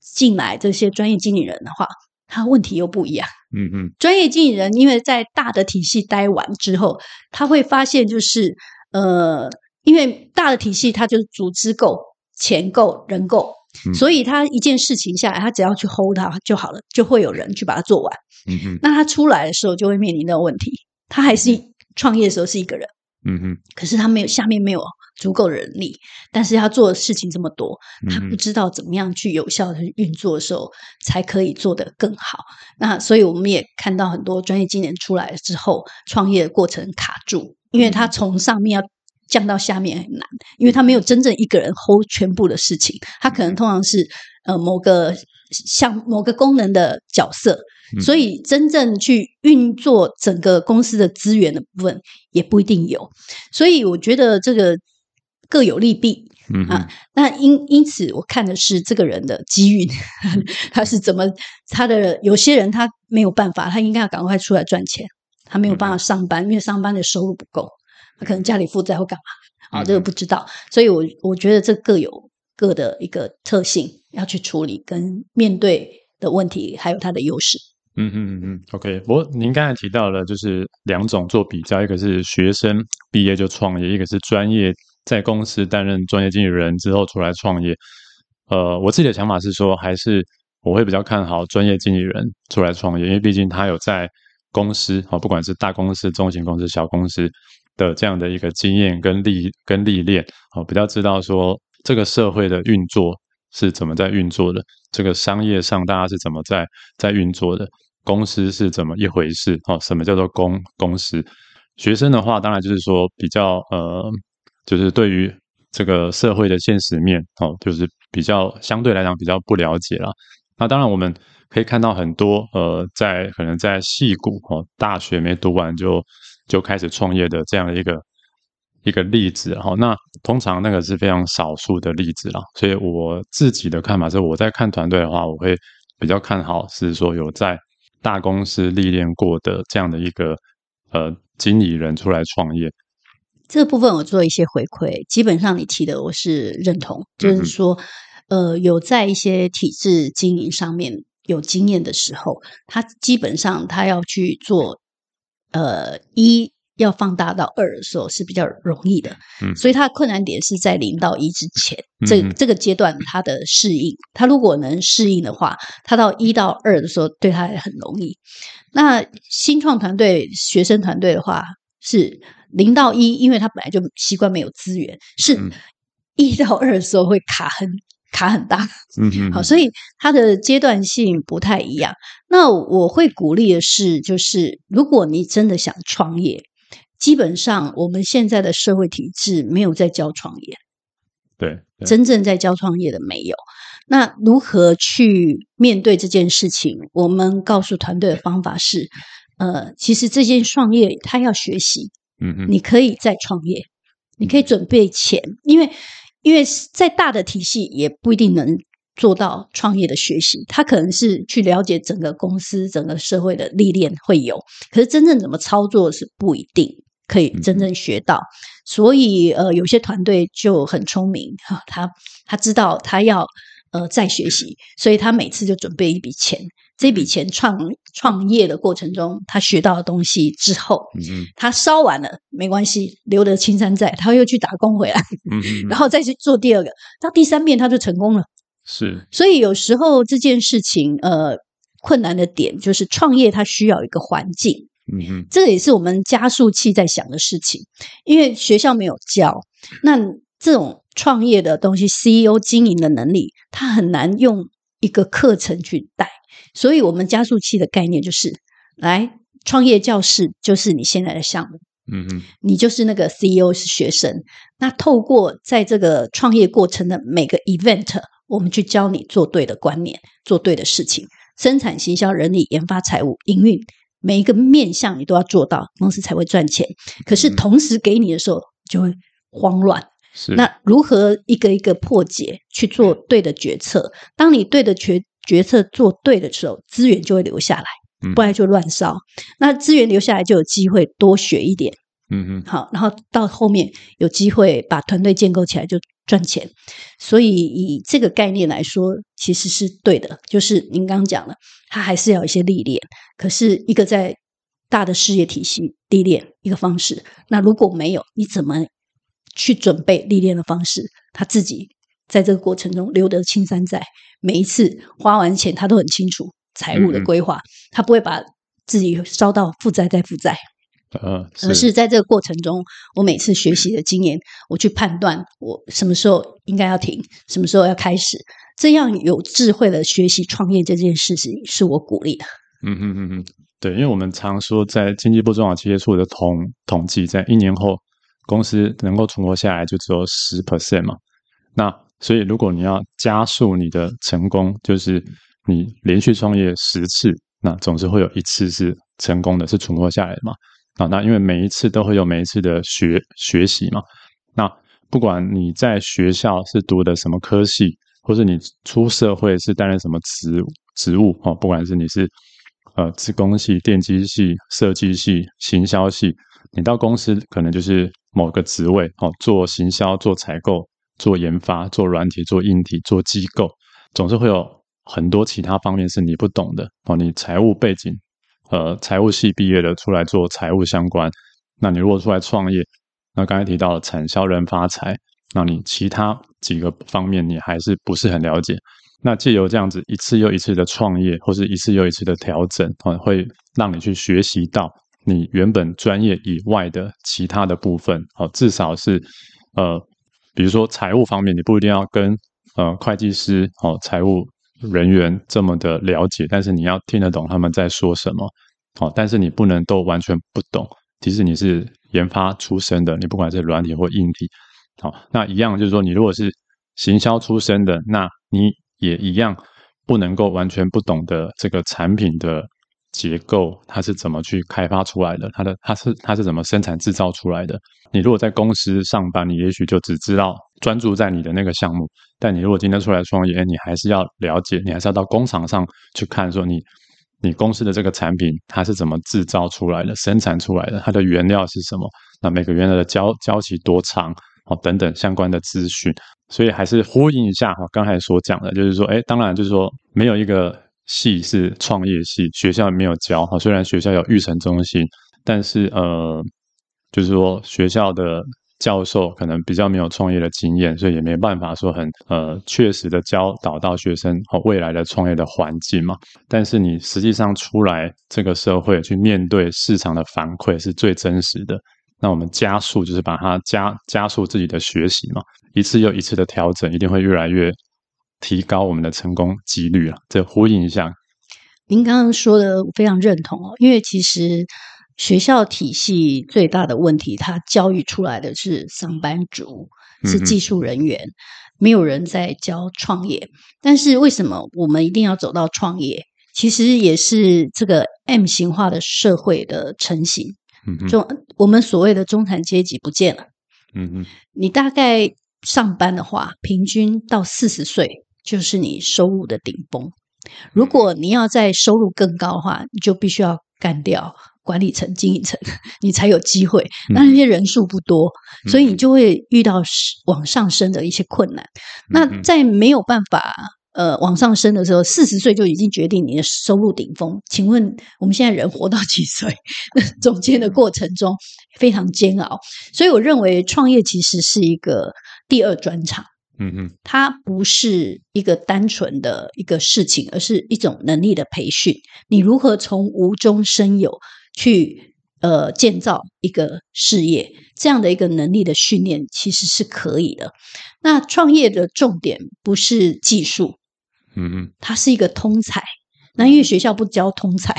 進來這些專業經理人的話。他問題又不一樣，嗯嗯，專業經理人因為在大的體系待完之後，他會發現就是，呃，因為大的體系他就是組織夠、錢夠、人夠，嗯、所以他一件事情下來，他只要去 hold 他就好了，就會有人去把它做完，嗯嗯。那他出來的時候就會面臨那種問題，他還是創業的時候是一個人。嗯哼，可是他沒有下面沒有足夠人力，但是他做的事情這麼多，他不知道怎麼樣去有效的運作的時候，才可以做得更好。那所以我們也看到很多專業經理人出來之後，創業的過程卡住，因為他從上面要降到下面很難，因為他沒有真正一個人 hold 全部的事情，他可能通常是呃某個。像某個功能的角色，所以真正去運作整個公司的資源的部分也不一定有，所以我覺得這個各有利弊，嗯、啊。那因因此，我看的是這個人的機遇， [laughs] 他是怎麼他的，有些人他沒有辦法，他應該要趕快出來賺錢，他沒有辦法上班，嗯、因為上班的收入不夠，他可能家裡負債或幹嘛啊，這、嗯、個不知道。所以我我覺得這各有。各的一個特性要去處理跟面對的問題，還有它的優勢。嗯嗯嗯，OK 嗯。嗯 OK 我您剛才提到了就是兩種做比較，一個是學生畢業就創業，一個是專業在公司擔任專業經理人之後出來創業。呃，我自己的想法是說，還是我會比較看好專業經理人出來創業，因為畢竟他有在公司啊、哦，不管是大公司、中型公司、小公司的這樣的一個經驗跟歷跟歷練啊、哦，比較知道說。這個社會的運作是怎麼在運作的？這個商業上大家是怎麼在在運作的？公司是怎麼一回事？哦，什麼叫做公公司？學生的話，當然就是說比較呃，就是對於這個社會的現實面哦、呃，就是比較相對來講比較不了解啦。那當然我們可以看到很多呃，在可能在矽谷哦、呃，大學沒讀完就就開始創業的這樣的一個。一個例子，然後，那通常那個是非常少數的例子啦，所以我自己的看法是，我在看團隊的話，我會比較看好是說有在大公司歷練過的這樣的一個呃經理人出來創業。這個部分我做一些回饋，基本上你提的我是認同，就是說嗯嗯呃有在一些體制經營上面有經驗的時候，他基本上他要去做呃一。要放大到二的時候是比較容易的，所以他的困難點是在零到一之前，這、這個階段他的適應，他如果能適應的話，他到一到二的時候對他也很容易。那新創團隊、學生團隊的話，是零到一，因為他本來就習慣沒有資源，是一到二的時候會卡很卡很大，嗯嗯，好，所以他的階段性不太一樣。那我會鼓勵的是，就是如果你真的想創業。基本上，我們現在的社會體制沒有在教創業，對，對，真正在教創業的沒有。那如何去面對這件事情？我們告訴團隊的方法是：呃，其實這件創業他要學習，嗯，你可以再創業，你可以準備錢，嗯、因為因為在大的體系也不一定能做到創業的學習，他可能是去了解整個公司、整個社會的歷練會有，可是真正怎麼操作是不一定。可以真正學到，嗯、所以呃，有些團隊就很聰明哈、啊，他他知道他要呃再學習，所以他每次就準備一筆錢，這筆錢創創業的過程中他學到的東西之後，嗯、他燒完了沒關係，留得青山在，他又去打工回來、嗯，然後再去做第二個，到第三遍他就成功了。是，所以有時候這件事情呃困難的點就是創業，它需要一個環境。嗯，這也是我們加速器在想的事情，因為學校沒有教，那這種創業的東西，CEO 經營的能力，他很難用一個課程去帶，所以我們加速器的概念就是，來，創業教室就是你現在的項目，嗯，你就是那個 CEO 是學生，那透過在這個創業過程的每個 event，我們去教你做對的觀念，做對的事情，生產、行銷、人力、研發、財務、營運。每一個面向你都要做到，公司才會賺錢。可是同時給你的時候，就會慌亂。是那如何一個一個破解去做對的決策？當你對的決決策做對的時候，資源就會留下來，不然就亂燒。嗯。那資源留下來就有機會多學一點。嗯哼。好，然後到後面有機會把團隊建構起來，就。賺錢，所以以這個概念來說，其實是對的。就是您剛剛講了，他還是要有一些歷練。可是，一個在大的事業體系歷練一個方式，那如果沒有，你怎麼去準備歷練的方式？他自己在這個過程中留得青山在，每一次花完錢，他都很清楚財務的規劃，他不會把自己燒到負債再負債。呃是，而是在這個過程中，我每次學習的經驗，我去判斷我什麼時候應該要停，什麼時候要開始，這樣有智慧的學習創業這件事情，是我鼓勵的。嗯哼，嗯嗯嗯，對，因為我們常說在經濟部中小企業處的統統計，在一年後公司能夠存活下來就只有十 percent 嘛。那所以如果你要加速你的成功，就是你連續創業十次，那總是會有一次是成功的，是存活下來的嘛。啊、哦，那因為每一次都會有每一次的學學習嘛。那不管你在學校是讀的什麼科系，或是你出社會是擔任什麼職職務，哦，不管是你是呃，資工系、電機系、設計系、行銷系，你到公司可能就是某個職位，哦，做行銷、做採購、做研發、做軟體、做硬體、做機構，總是會有很多其他方面是你不懂的，哦，你財務背景。呃，財務系畢業的出來做財務相關，那你如果出來創業，那剛才提到了產銷人發財，那你其他幾個方面你還是不是很了解。那借由這樣子一次又一次的創業，或是一次又一次的調整，呃，會讓你去學習到你原本專業以外的其他的部分哦，呃。至少是，呃，比如說財務方面，你不一定要跟呃會計師哦，呃，財務。人員這麼的了解，但是你要聽得懂他們在說什麼，好，但是你不能都完全不懂。即使你是研發出身的，你不管是軟體或硬體，好，那一樣就是說，你如果是行銷出身的，那你也一樣不能夠完全不懂得這個產品的結構，它是怎麼去開發出來的，它的它是它是怎麼生產製造出來的。你如果在公司上班，你也許就只知道，專注在你的那個項目，但你如果今天出來創業，你還是要了解，你還是要到工廠上去看，說你你公司的這個產品它是怎麼制造出來的，生產出來的，它的原料是什麼？那每個原料的交交期多長？等等相關的資訊。所以還是呼應一下哈，剛才所講的，就是說，哎、欸，當然就是說，沒有一個系是創業系，學校沒有教哈。雖然學校有育成中心，但是呃，就是說學校的。教授可能比較沒有創業的經驗，所以也沒辦法說很呃確實的教導到學生和、哦、未來的創業的環境嘛。但是你實際上出來這個社會去面對市場的反饋是最真實的。那我們加速就是把它加加速自己的學習嘛，一次又一次的調整，一定會越來越提高我們的成功幾率了。這呼應一下，您剛剛說的，我非常認同哦，因為其實。學校體系最大的問題，它教育出來的是上班族，嗯、是技術人員，沒有人在教創業。但是為什麼我們一定要走到創業？其實也是這個 M 型化的社會的成型。就我們所謂的中產階級不見了。嗯，你大概上班的話，平均到四十歲就是你收入的頂峰。如果你要在收入更高的話，你就必須要幹掉，管理層、經營層，你才有機會。那那些人數不多、嗯，所以你就會遇到往上升的一些困難。嗯嗯、那在沒有辦法呃往上升的時候，四十歲就已經決定你的收入頂峰。請問我們現在人活到幾歲？那、嗯、 [laughs] 總結的過程中非常煎熬。所以我認為創業其實是一個第二專場。嗯嗯，它不是一個單純的一個事情，而是一種能力的培訓。你如何從無中生有？去呃建造一個事業，這樣的一個能力的訓練其實是可以的。那創業的重點不是技術，嗯嗯，它是一個通才。那因為學校不教通才，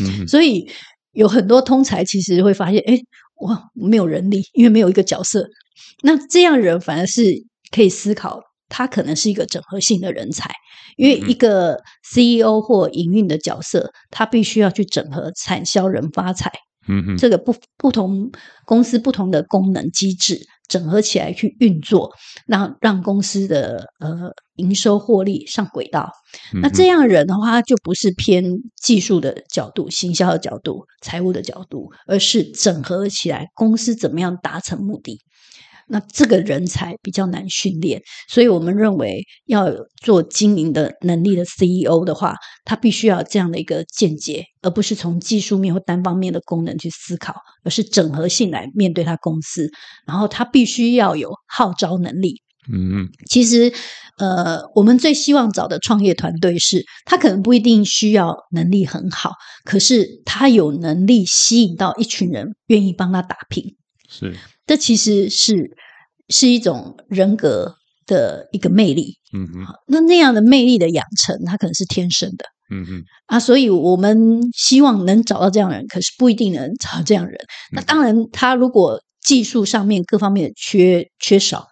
嗯，所以有很多通才其實會發現，哎，我沒有人力，因為沒有一個角色。那這樣的人反而是可以思考的。他可能是一個整合性的人才，因為一個 CEO 或營運的角色，他必須要去整合產銷人發財，嗯嗯。這個不不同公司不同的功能機制整合起來去運作，讓讓公司的呃營收獲利上軌道。嗯、那這樣的人的話，他就不是偏技術的角度，行銷的角度，財務的角度，而是整合起來公司怎麼樣達成目的。那這個人才比較難訓練，所以我們認為要做經營的能力的 CEO 的話，他必須要有這樣的一個見解，而不是從技術面或單方面的功能去思考，而是整合性來面對他公司。然後他必須要有號召能力。嗯。其實，呃，我們最希望找的創業團隊是，他可能不一定需要能力很好，可是他有能力吸引到一群人願意幫他打拼。是，這其實是是一種人格的一個魅力。嗯哼，那那樣的魅力的養成，它可能是天生的。嗯哼，啊，所以我們希望能找到這樣的人，可是不一定能找到這樣的人。嗯哼。那當然，他如果技術上面各方面缺缺少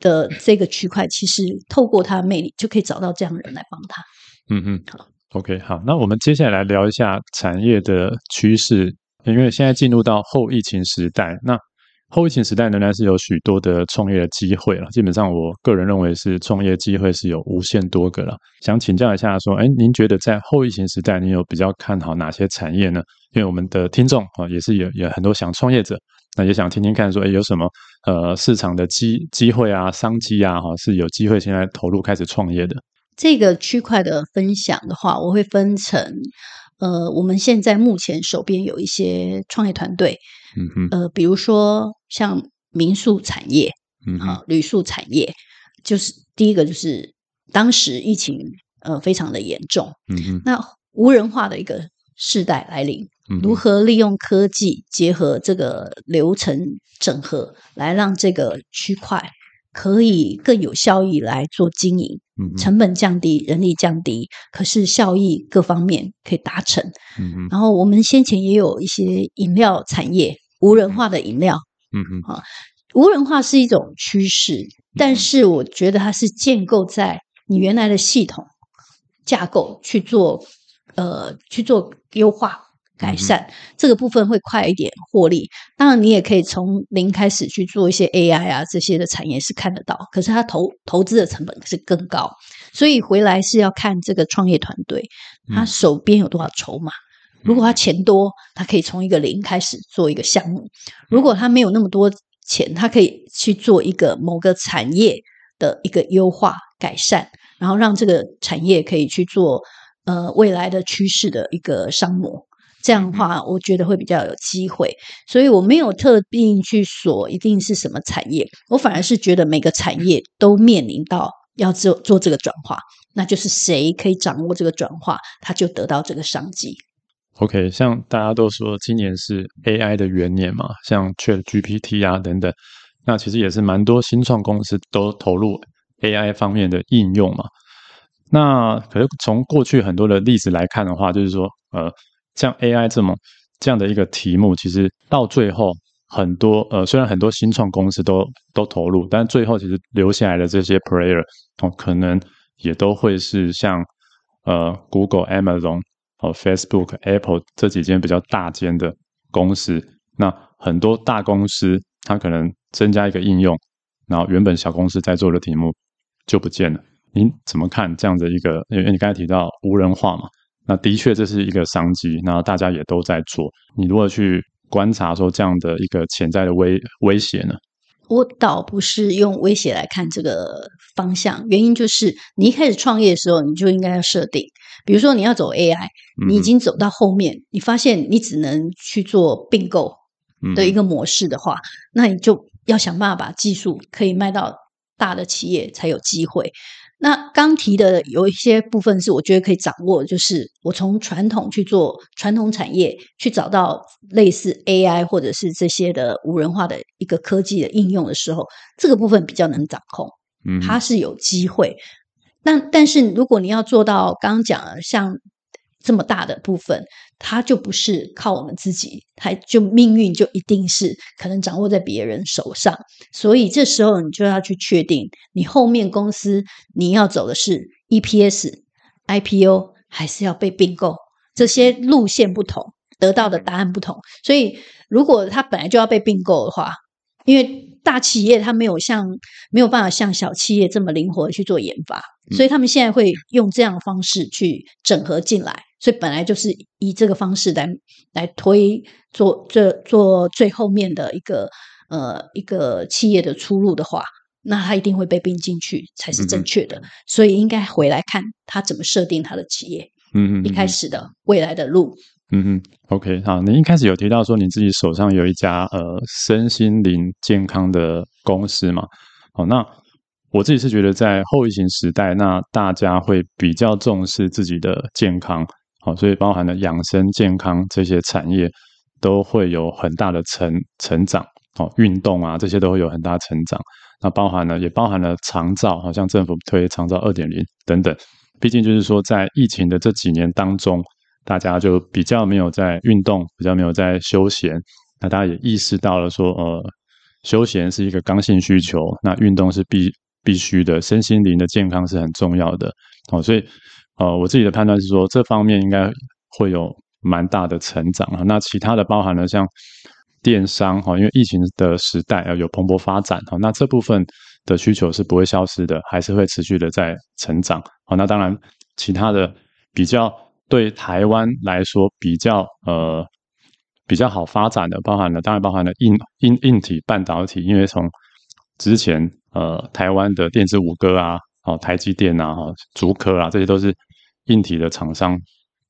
的這個區塊，其實透過他的魅力，就可以找到這樣的人來幫他。嗯哼，好，OK，好，那我們接下來聊一下產業的趨勢。因為現在進入到後疫情時代，那後疫情時代仍然是有許多的創業機會了。基本上，我個人認為是創業機會是有無限多個了。想請教一下，說，哎，您覺得在後疫情時代，你有比較看好哪些產業呢？因為我們的聽眾啊，也是有有很多想創業者，那也想聽聽看，說，哎，有什麼呃市場的機機會啊、商機啊，哈，是有機會現在投入開始創業的。這個區塊的分享的話，我會分成，呃，我們現在目前手邊有一些創業團隊，嗯哼，呃，比如說像民宿產業，嗯哈、呃，旅宿產業，就是第一個就是當時疫情，呃，非常的嚴重，嗯，那無人化的一個時代來臨，嗯，如何利用科技結合這個流程整合，來讓這個區塊。可以更有效益，來做經營，成本降低，人力降低，可是效益各方面可以達成。嗯嗯，然後我們先前也有一些飲料產業，無人化的飲料，嗯嗯，啊，無人化是一種趨勢，嗯，但是我覺得它是建構在你原來的系統架構去做，呃，去做優化。改善、嗯、這個部分會快一點獲利。當然，你也可以從零開始去做一些 AI 啊這些的產業是看得到，可是他投投資的成本是更高。所以回來是要看這個創業團隊他手邊有多少籌碼，嗯。如果他錢多，他可以從一個零開始做一個項目；如果他沒有那麼多錢，他可以去做一個某個產業的一個優化改善，然後讓這個產業可以去做呃未來的趨勢的一個商模。這樣的話，我覺得會比較有機會，所以我沒有特地去說一定是什麼產業，我反而是覺得每個產業都面臨到要做做這個轉化，那就是誰可以掌握這個轉化，他就得到這個商機。OK，像大家都說今年是 AI 的元年嘛，像 ChatGPT 啊等等，那其實也是蠻多新創公司都投入 AI 方面的應用嘛。那可是從過去很多的例子來看的話，就是說呃。像 AI 這麼，這樣的一個題目，其實到最後很多呃，雖然很多新創公司都都投入，但最後其實留下來的這些 player 可能也都會是像呃 Google、Amazon、哦 Facebook、Apple 這幾間比較大間的公司。那很多大公司它可能增加一個應用，然後原本小公司在做的題目就不見了。您怎麼看這樣的一個？因為你剛才提到無人化嘛。那的確這是一個商機，那大家也都在做。你如果去觀察說這樣的一個潛在的威威脅呢？我倒不是用威脅來看這個方向，原因就是你一開始創業的時候，你就應該要設定，比如說你要走 AI，你已經走到後面，嗯、你發現你只能去做併購的一個模式的話，嗯，那你就要想辦法把技術可以賣到大的企業才有機會。那剛提的有一些部分是我覺得可以掌握的，就是我從傳統去做傳統產業，去找到類似 AI 或者是這些的無人化的一個科技的應用的時候，這個部分比較能掌控，嗯，它是有機會。嗯、那但是如果你要做到剛剛講了像這麼大的部分。它就不是靠我們自己，他就命運就一定是可能掌握在別人手上。所以這時候你就要去確定，你後面公司你要走的是 EPS、IPO，還是要被併購？這些路線不同，得到的答案不同。所以如果它本來就要被併購的話，因為大企業它沒有像沒有辦法像小企業這麼靈活的去做研發，所以他們現在會用這樣的方式去整合進來。所以本來就是以這個方式來來推做這做，做最後面的一個呃一個企業的出路的話，那它一定會被併進去才是正確的。嗯、所以應該回來看它怎麼設定它的企業，嗯嗯，一開始的未來的路，嗯嗯，OK，好，您一開始有提到說你自己手上有一家呃身心靈健康的公司嘛？哦，那我自己是覺得在後疫情時代，那大家會比較重視自己的健康。所以包含了養生健康這些產業都會有很大的成成長。哦，運動啊，這些都會有很大成長。那包含了也包含了長照，好像政府推長照二點零等等。畢竟就是說，在疫情的這幾年當中，大家就比較沒有在運動，比較沒有在休閒。那大家也意識到了說，呃，休閒是一個剛性需求，那運動是必必須的，身心靈的健康是很重要的。哦，所以。呃，我自己的判斷是說，這方面應該會有蠻大的成長啊。那其他的包含了像電商哈，因為疫情的時代啊、呃、有蓬勃發展哈，那這部分的需求是不會消失的，還是會持續的在成長啊。那當然，其他的比較對台灣來說比較呃比較好發展的，包含了當然包含了硬硬硬體半導體，因為從之前呃台灣的電子五哥啊，哦台積電啊、哦、竹科啊，這些都是。硬體的廠商、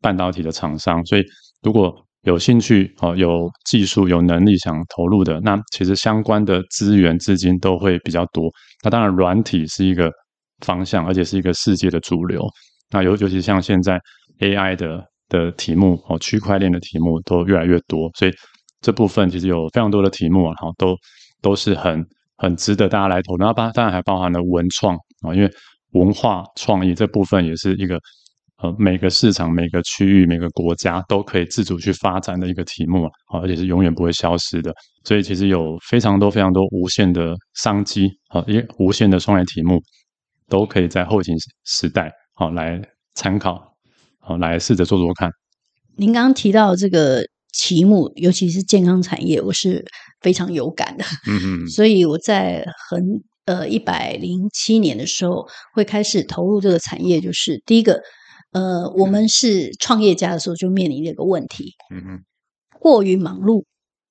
半導體的廠商，所以如果有興趣、哦有技術、有能力想投入的，那其實相關的資源資金都會比較多。那當然，軟體是一個方向，而且是一個世界的主流。那尤尤其像現在 AI 的的題目、哦區塊鏈的題目都越來越多，所以這部分其實有非常多的題目，啊，好都都是很很值得大家來投入。那包當然還包含了文創啊、哦，因為文化創意這部分也是一個。呃，每個市場、每個區域、每個國家都可以自主去發展的一個題目啊，而且是永遠不會消失的。所以其實有非常多、非常多無限的商機，好、啊，也無限的創業題目都可以在後期時代好、啊、來參考，好、啊、來試着做做看。您剛剛提到這個題目，尤其是健康產業，我是非常有感的。嗯嗯，所以我在很呃一百零七年的時候會開始投入這個產業，就是第一個。呃，我們是創業家的時候就面臨這個問題，嗯哼，過於忙碌，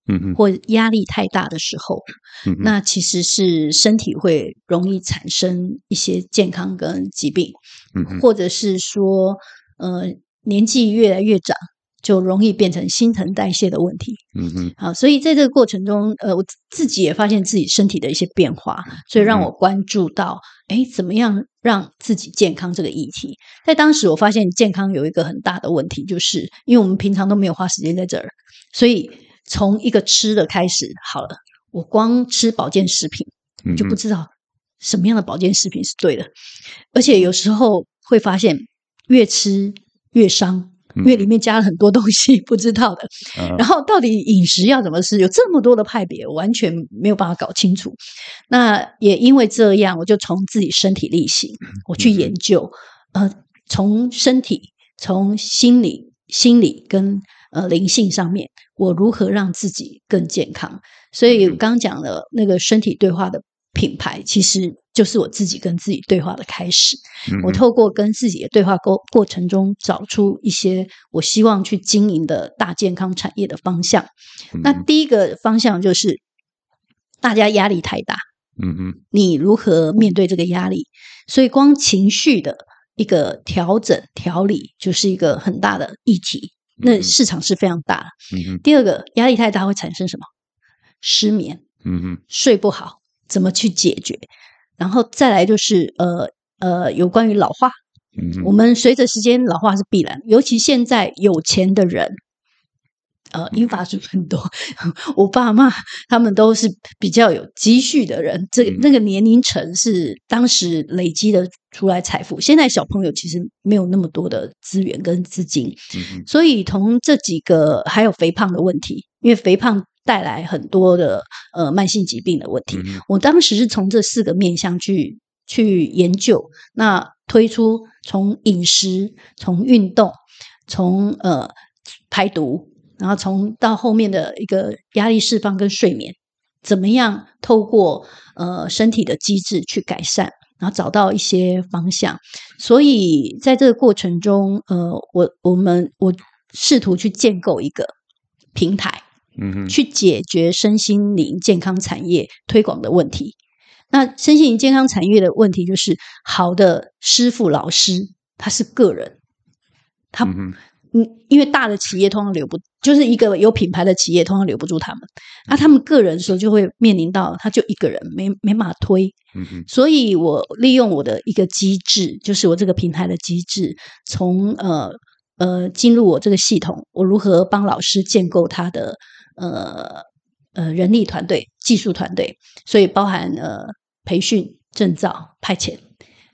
嗯哼，或壓力太大的時候，嗯，那其實是身體會容易產生一些健康跟疾病，嗯，或者是說，呃，年紀越來越長，就容易變成新陳代謝的問題，嗯哼，啊，所以在這個過程中，呃，我自己也發現自己身體的一些變化，所以讓我關注到。哎，怎麼樣讓自己健康？這個議題，在當時我發現健康有一個很大的問題，就是因為我們平常都沒有花時間在這兒，所以從一個吃的開始好了。我光吃保健食品，就不知道什麼樣的保健食品是對的，而且有時候會發現越吃越傷。因為裡面加了很多東西，不知道的。然後到底飲食要怎麼吃，有這麼多的派別，完全沒有辦法搞清楚。那也因為這樣，我就從自己身體力行，我去研究，呃，從身體、從心理、心理跟呃靈性上面，我如何讓自己更健康。所以剛剛講了那個身體對話的。品牌其實就是我自己跟自己對話的開始。我透過跟自己的對話過過程中，找出一些我希望去經營的大健康產業的方向。那第一個方向就是大家壓力太大。嗯嗯，你如何面對這個壓力？所以光情緒的一個調整調理就是一個很大的議題。那市場是非常大的。嗯嗯，第二個壓力太大會產生什麼？失眠。嗯嗯，睡不好。怎麼去解決？然後再來就是呃呃，有關於老化、嗯，我們隨着時間老化是必然，尤其現在有錢的人，呃，銀、嗯、髮族是，是很多， [laughs] 我爸媽他們都是比較有積蓄的人，嗯、這個、那個年齡層是當時累積的出來財富。現在小朋友其實沒有那麼多的資源跟資金，嗯、所以從這幾個還有肥胖的問題，因為肥胖。帶來很多的呃慢性疾病的問題。我當時是從這四個面向去去研究，那推出從飲食、從運動、從呃排毒，然後從到後面的一個壓力釋放跟睡眠，怎麼樣透過呃身體的機制去改善，然後找到一些方向。所以在這個過程中，呃，我我們我試圖去建構一個平台。嗯，去解決身心靈健康產業推廣的問題。那身心靈健康產業的問題就是，好的師傅老師他是個人，他嗯，因為大的企業通常留不，就是一個有品牌的企業通常留不住他們，那他們個人的時候就會面臨到他就一個人，沒沒法推。嗯，所以我利用我的一個機制，就是我這個平台的機制，從呃呃進入我這個系統，我如何幫老師建構他的。呃呃，人力團隊、技術團隊，所以包含呃培訓、證照、派遣，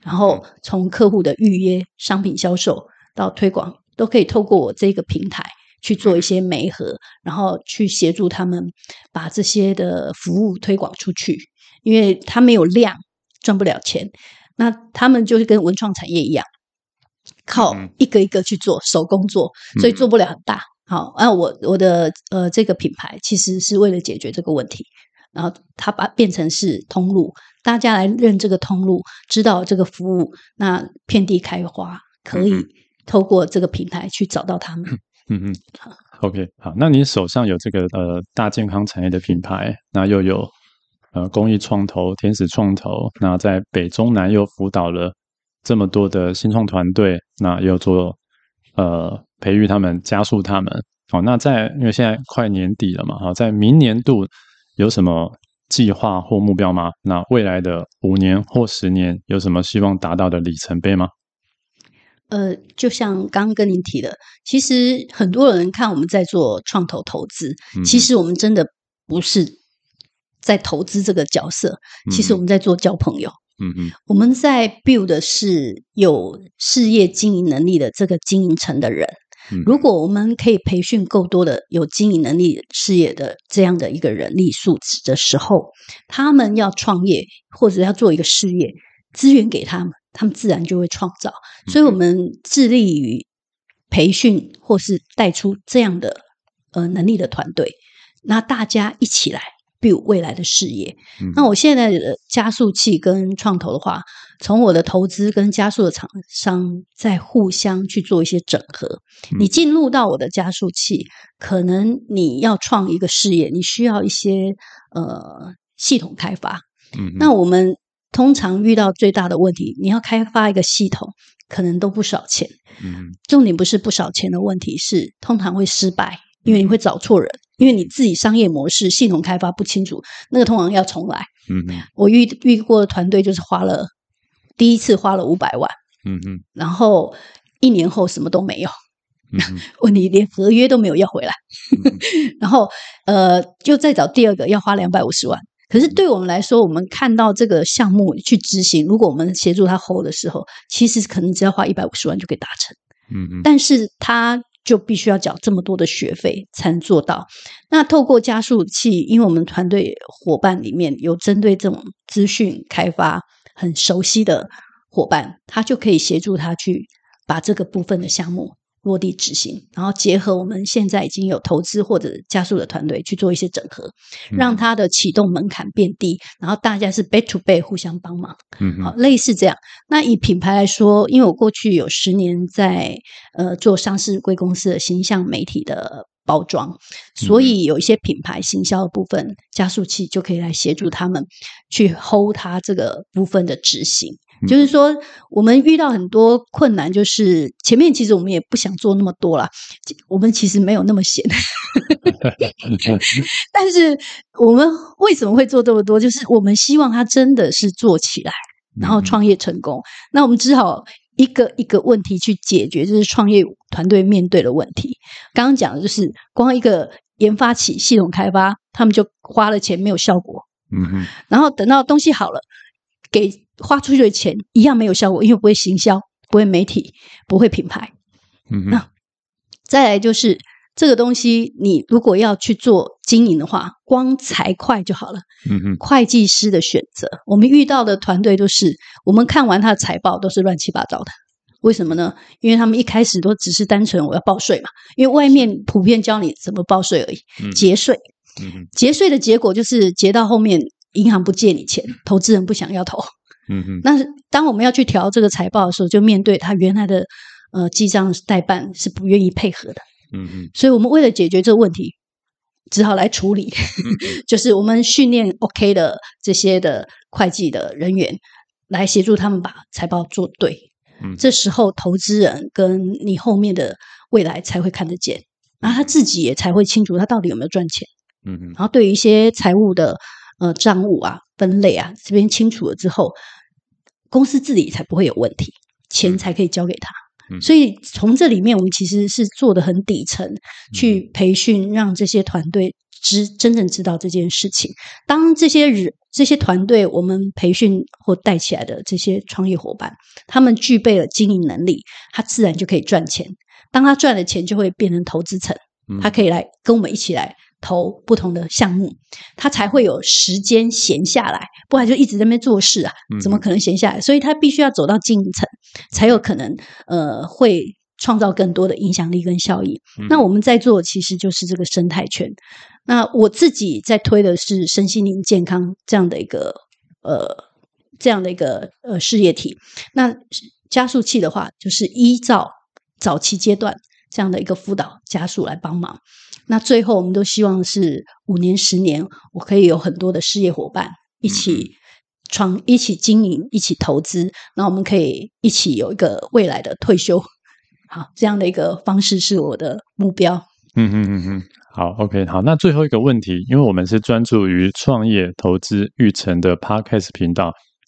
然後從客戶的預約、商品銷售到推廣，都可以透過我這個平台去做一些媒合，然後去協助他們把這些的服務推廣出去。因為他沒有量，賺不了錢，那他們就是跟文創產業一樣，靠一個一個去做手工做，所以做不了很大。嗯好，那、啊、我我的呃，這個品牌其實是為了解決這個問題，然後它把變成是通路，大家來認這個通路，知道這個服務，那遍地開花，可以透過這個品牌去找到他們。嗯嗯，嗯，嗯，好，OK，好，那你手上有這個呃大健康產業的品牌，那又有呃公益創投、天使創投，那在北中南又輔導了這麼多的新創團隊，那又做呃。培育他們，加速他們。好、哦，那在因為現在快年底了嘛，哈，在明年度有什麼計劃或目標嗎？那未來的五年或十年有什麼希望達到的里程碑嗎？呃，就像剛剛跟您提的，其實很多人看我們在做創投投資，嗯、其實我們真的不是在投資這個角色，嗯、其實我們在做交朋友。嗯嗯。我們在 build 的是有事業經營能力的這個經營層的人。如果我們可以培訓夠多的有經營能力事業的這樣的一個人力素質的時候，他們要創業或者要做一個事業，資源給他們，他們自然就會創造。所以我們致力於培訓或是帶出這樣的呃能力的團隊，那大家一起來。build 未來的事業。那我現在的加速器跟創投的話，從我的投資跟加速的廠商在互相去做一些整合。你進入到我的加速器，可能你要創一個事業，你需要一些，呃，系統開發。那我們通常遇到最大的問題，你要開發一個系統，可能都不少錢。嗯，重點不是不少錢的問題，是通常會失敗，因為你會找錯人。因為你自己商業模式、系統開發不清楚，那個通常要重來。嗯，我遇遇過的團隊就是花了第一次花了五百萬，嗯嗯，然後一年後什麼都沒有，問、嗯、 [laughs] 你連合約都沒有要回來。 [laughs] 然後呃，就再找第二個要花兩百五十萬，可是對我們來說、嗯，我們看到這個項目去執行，如果我們協助他 hold 的時候，其實可能只要花一百五十萬就可以達成。嗯，但是他。就必須要繳這麼多的學費才能做到，那透過加速器，因為我們團隊夥伴裡面有針對這種資訊開發很熟悉的夥伴，他就可以協助他去把這個部分的項目，落地執行，然後結合我們現在已經有投資或者加速的團隊去做一些整合，讓它的啟動門檻變低，然後大家是 B to B 互相幫忙，嗯，好，類似這樣。那以品牌來說，因為我過去有十年在呃做上市櫃公司的形象媒體的包裝，所以有一些品牌行銷的部分加速器就可以來協助他們去 hold 它這個部分的執行。就是說，我們遇到很多困難，就是前面其實我們也不想做那麼多啦，我們其實沒有那麼閒 [laughs] [laughs] 但是我們為什麼會做這麼多？就是我們希望他真的是做起來，然後創業成功。那我們只好一個一個問題去解決，就是創業團隊面對的問題。剛剛講的就是，光一個研發起系統開發，他們就花了錢沒有效果。嗯嗯，然後等到東西好了，給。花出去的錢一樣沒有效果，因為不會行銷，不會媒體，不會品牌。嗯，那再來就是這個東西，你如果要去做經營的話，光財會就好了。嗯，會計師的選擇，我們遇到的團隊都、就是，我們看完他的財報都是亂七八糟的。為什麼呢？因為他們一開始都只是單純我要報稅嘛，因為外面普遍教你怎麼報稅而已。嗯。節稅，嗯、嗯哼，節稅的結果就是節到後面，銀行不借你錢、嗯，投資人不想要投。嗯嗯，但是當我們要去調這個財報的時候，就面對他原來的呃記賬代辦是不願意配合的。嗯嗯，所以我們為了解決這個問題，只好來處理， [laughs] 就是我們訓練 OK 的這些的會計的人員來協助他們把財報做對。嗯，這時候投資人跟你後面的未來才會看得見，然後他自己也才會清楚他到底有沒有賺錢。嗯嗯，然後對於一些財務的。呃，賬務啊，分類啊，這邊清楚了之後，公司治理才不會有問題，錢才可以交給他。嗯。所以從這裡面，我們其實是做得很底層，去培訓讓這些團隊知真正知道這件事情。當這些人、這些團隊，我們培訓或帶起來的這些創業夥伴，他們具備了經營能力，他自然就可以賺錢。當他賺了錢，就會變成投資層，他可以來跟我們一起來。投不同的項目，他才會有時間閒下來，不然就一直在那邊做事啊，怎麼可能閒下來？所以他必須要走到進程，才有可能呃，會創造更多的影響力跟效益。嗯。那我們在做的其實就是這個生態圈。那我自己在推的是身心靈健康這樣的一個呃這樣的一個呃事業體。那加速器的話，就是依照早期階段，這樣的一個輔導加速來幫忙，那最後我們都希望是五年十年，我可以有很多的事業夥伴一起創、嗯、一起經營、一起投資，那我們可以一起有一個未來的退休。好，這樣的一個方式是我的目標。嗯嗯嗯嗯，好，OK，好。那最後一個問題，因為我們是專注於創業投資育成的 Podcast 頻道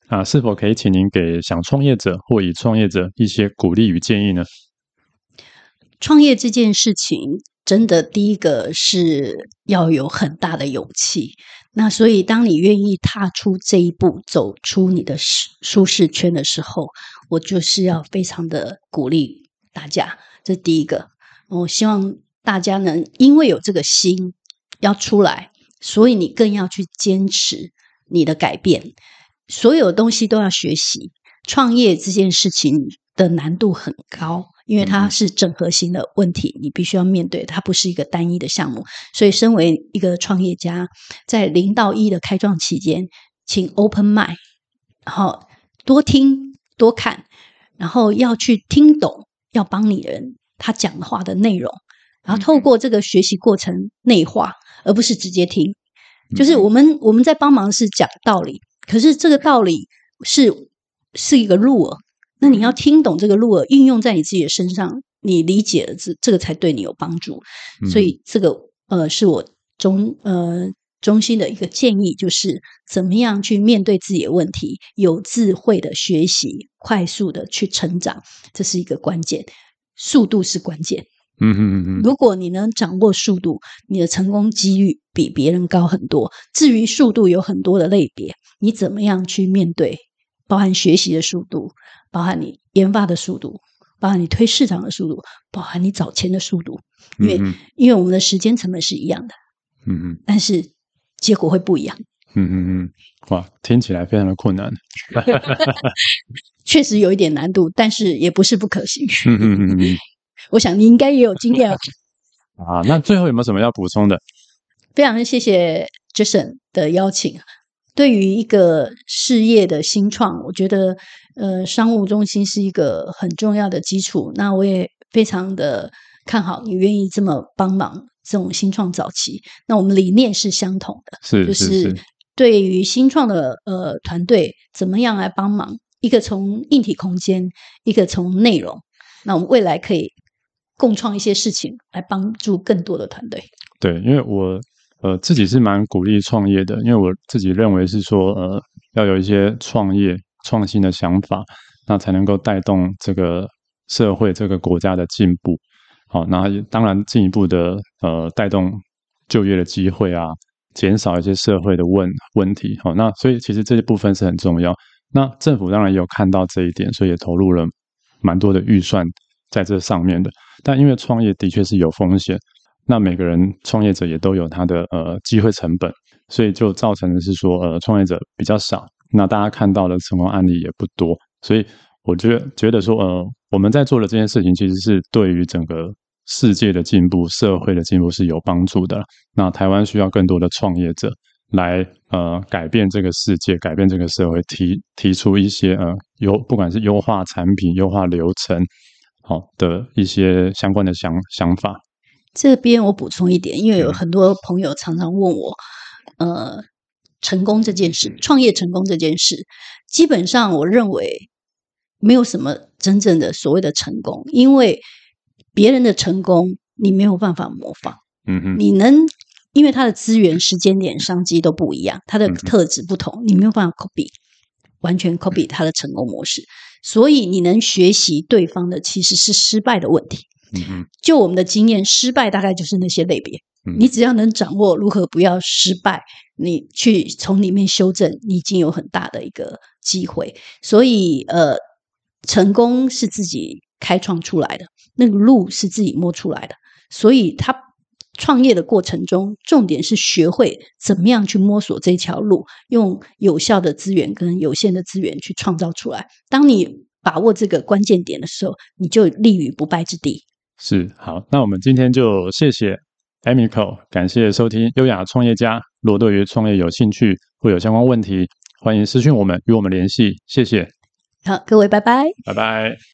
啊，那是否可以請您給想創業者或已創業者一些鼓勵與建議呢？創業這件事情，真的第一個是要有很大的勇氣。那所以，當你願意踏出這一步，走出你的舒舒適圈的時候，我就是要非常的鼓勵大家。這第一個，我希望大家能因為有這個心要出來，所以你更要去堅持你的改變。所有東西都要學習。創業這件事情的難度很高。因為它是整合型的問題，你必須要面對它，不是一個單一的項目。所以，身為一個創業家，在零到一的開創期間，請 open mind，然後多聽多看，然後要去聽懂，要幫你的人他講話的內容，okay. 然後透過這個學習過程內化，而不是直接聽。Okay. 就是我們我們在幫忙是講道理，可是這個道理是是一個 rule。那你要聽懂這個路，運用在你自己的身上，你理解了這這個才對你有幫助。嗯、所以這個呃，是我中呃中心的一個建議，就是怎麼樣去面對自己的問題，有智慧的學習，快速的去成長，這是一個關鍵，速度是關鍵。嗯哼嗯嗯嗯，如果你能掌握速度，你的成功幾率比別人高很多。至於速度有很多的類別，你怎麼樣去面對？包含學習的速度，包含你研發的速度，包含你推市場的速度，包含你找錢的速度，因為嗯嗯因為我們的時間成本是一樣的，嗯嗯，但是結果會不一樣，嗯嗯嗯，哇，聽起來非常的困難， [laughs] 確實有一點難度，但是也不是不可行，嗯嗯嗯，嗯， [laughs] 我想你應該也有經驗啊，那最後有沒有什麼要補充的？ [laughs] 非常謝謝 Jason 的邀請。對於一個事業的新創，我覺得，呃，商務中心是一個很重要的基礎。那我也非常的看好你願意這麼幫忙這種新創早期。那我們理念是相同的，是是是，就是對於新創的呃團隊怎麼樣來幫忙，一個從硬體空間，一個從內容。那我們未來可以共創一些事情來幫助更多的團隊。對，因為我。呃，自己是蠻鼓勵創業的，因為我自己認為是說，呃，要有一些創業創新的想法，那才能夠帶動這個社會、這個國家的進步，好，那當然進一步的，呃，帶動就業的機會啊，減少一些社會的問問題，好，那所以其實這一部分是很重要。那政府當然也有看到這一點，所以也投入了蠻多的預算在這上面的。但因為創業的確是有風險。那每個人創業者也都有他的呃機會成本，所以就造成的是說呃創業者比較少，那大家看到的成功案例也不多，所以我覺得覺得說呃我們在做的這件事情其實是對於整個世界的進步、社會的進步是有幫助的。那台灣需要更多的創業者來呃改變這個世界、改變這個社會，提提出一些呃優不管是優化產品、優化流程，好、哦、的一些相關的想想法。這邊我補充一點，因為有很多朋友常常問我、嗯，呃，成功這件事，創業成功這件事，基本上我認為沒有什麼真正的所謂的成功，因為別人的成功你沒有辦法模仿。嗯嗯，你能，因為他的資源、時間點、商機都不一樣，他的特質不同、嗯，你沒有辦法 copy，完全 copy 他的成功模式。所以你能學習對方的，其實是失敗的問題。嗯，就我們的經驗，失敗大概就是那些類別。你只要能掌握如何不要失敗，你去從裡面修正，你已經有很大的一個機會。所以，呃，成功是自己開創出來的，那個路是自己摸出來的。所以，他創業的過程中，重點是學會怎麼樣去摸索這條路，用有效的資源跟有限的資源去創造出來。當你把握這個關鍵點的時候，你就立於不敗之地。是，好，那我們今天就謝謝艾米蔻，感謝收聽《優雅創業家》。如果對於創業有興趣，或有相關問題，歡迎私訊我們與我們聯繫。謝謝，好，各位，拜拜，拜拜。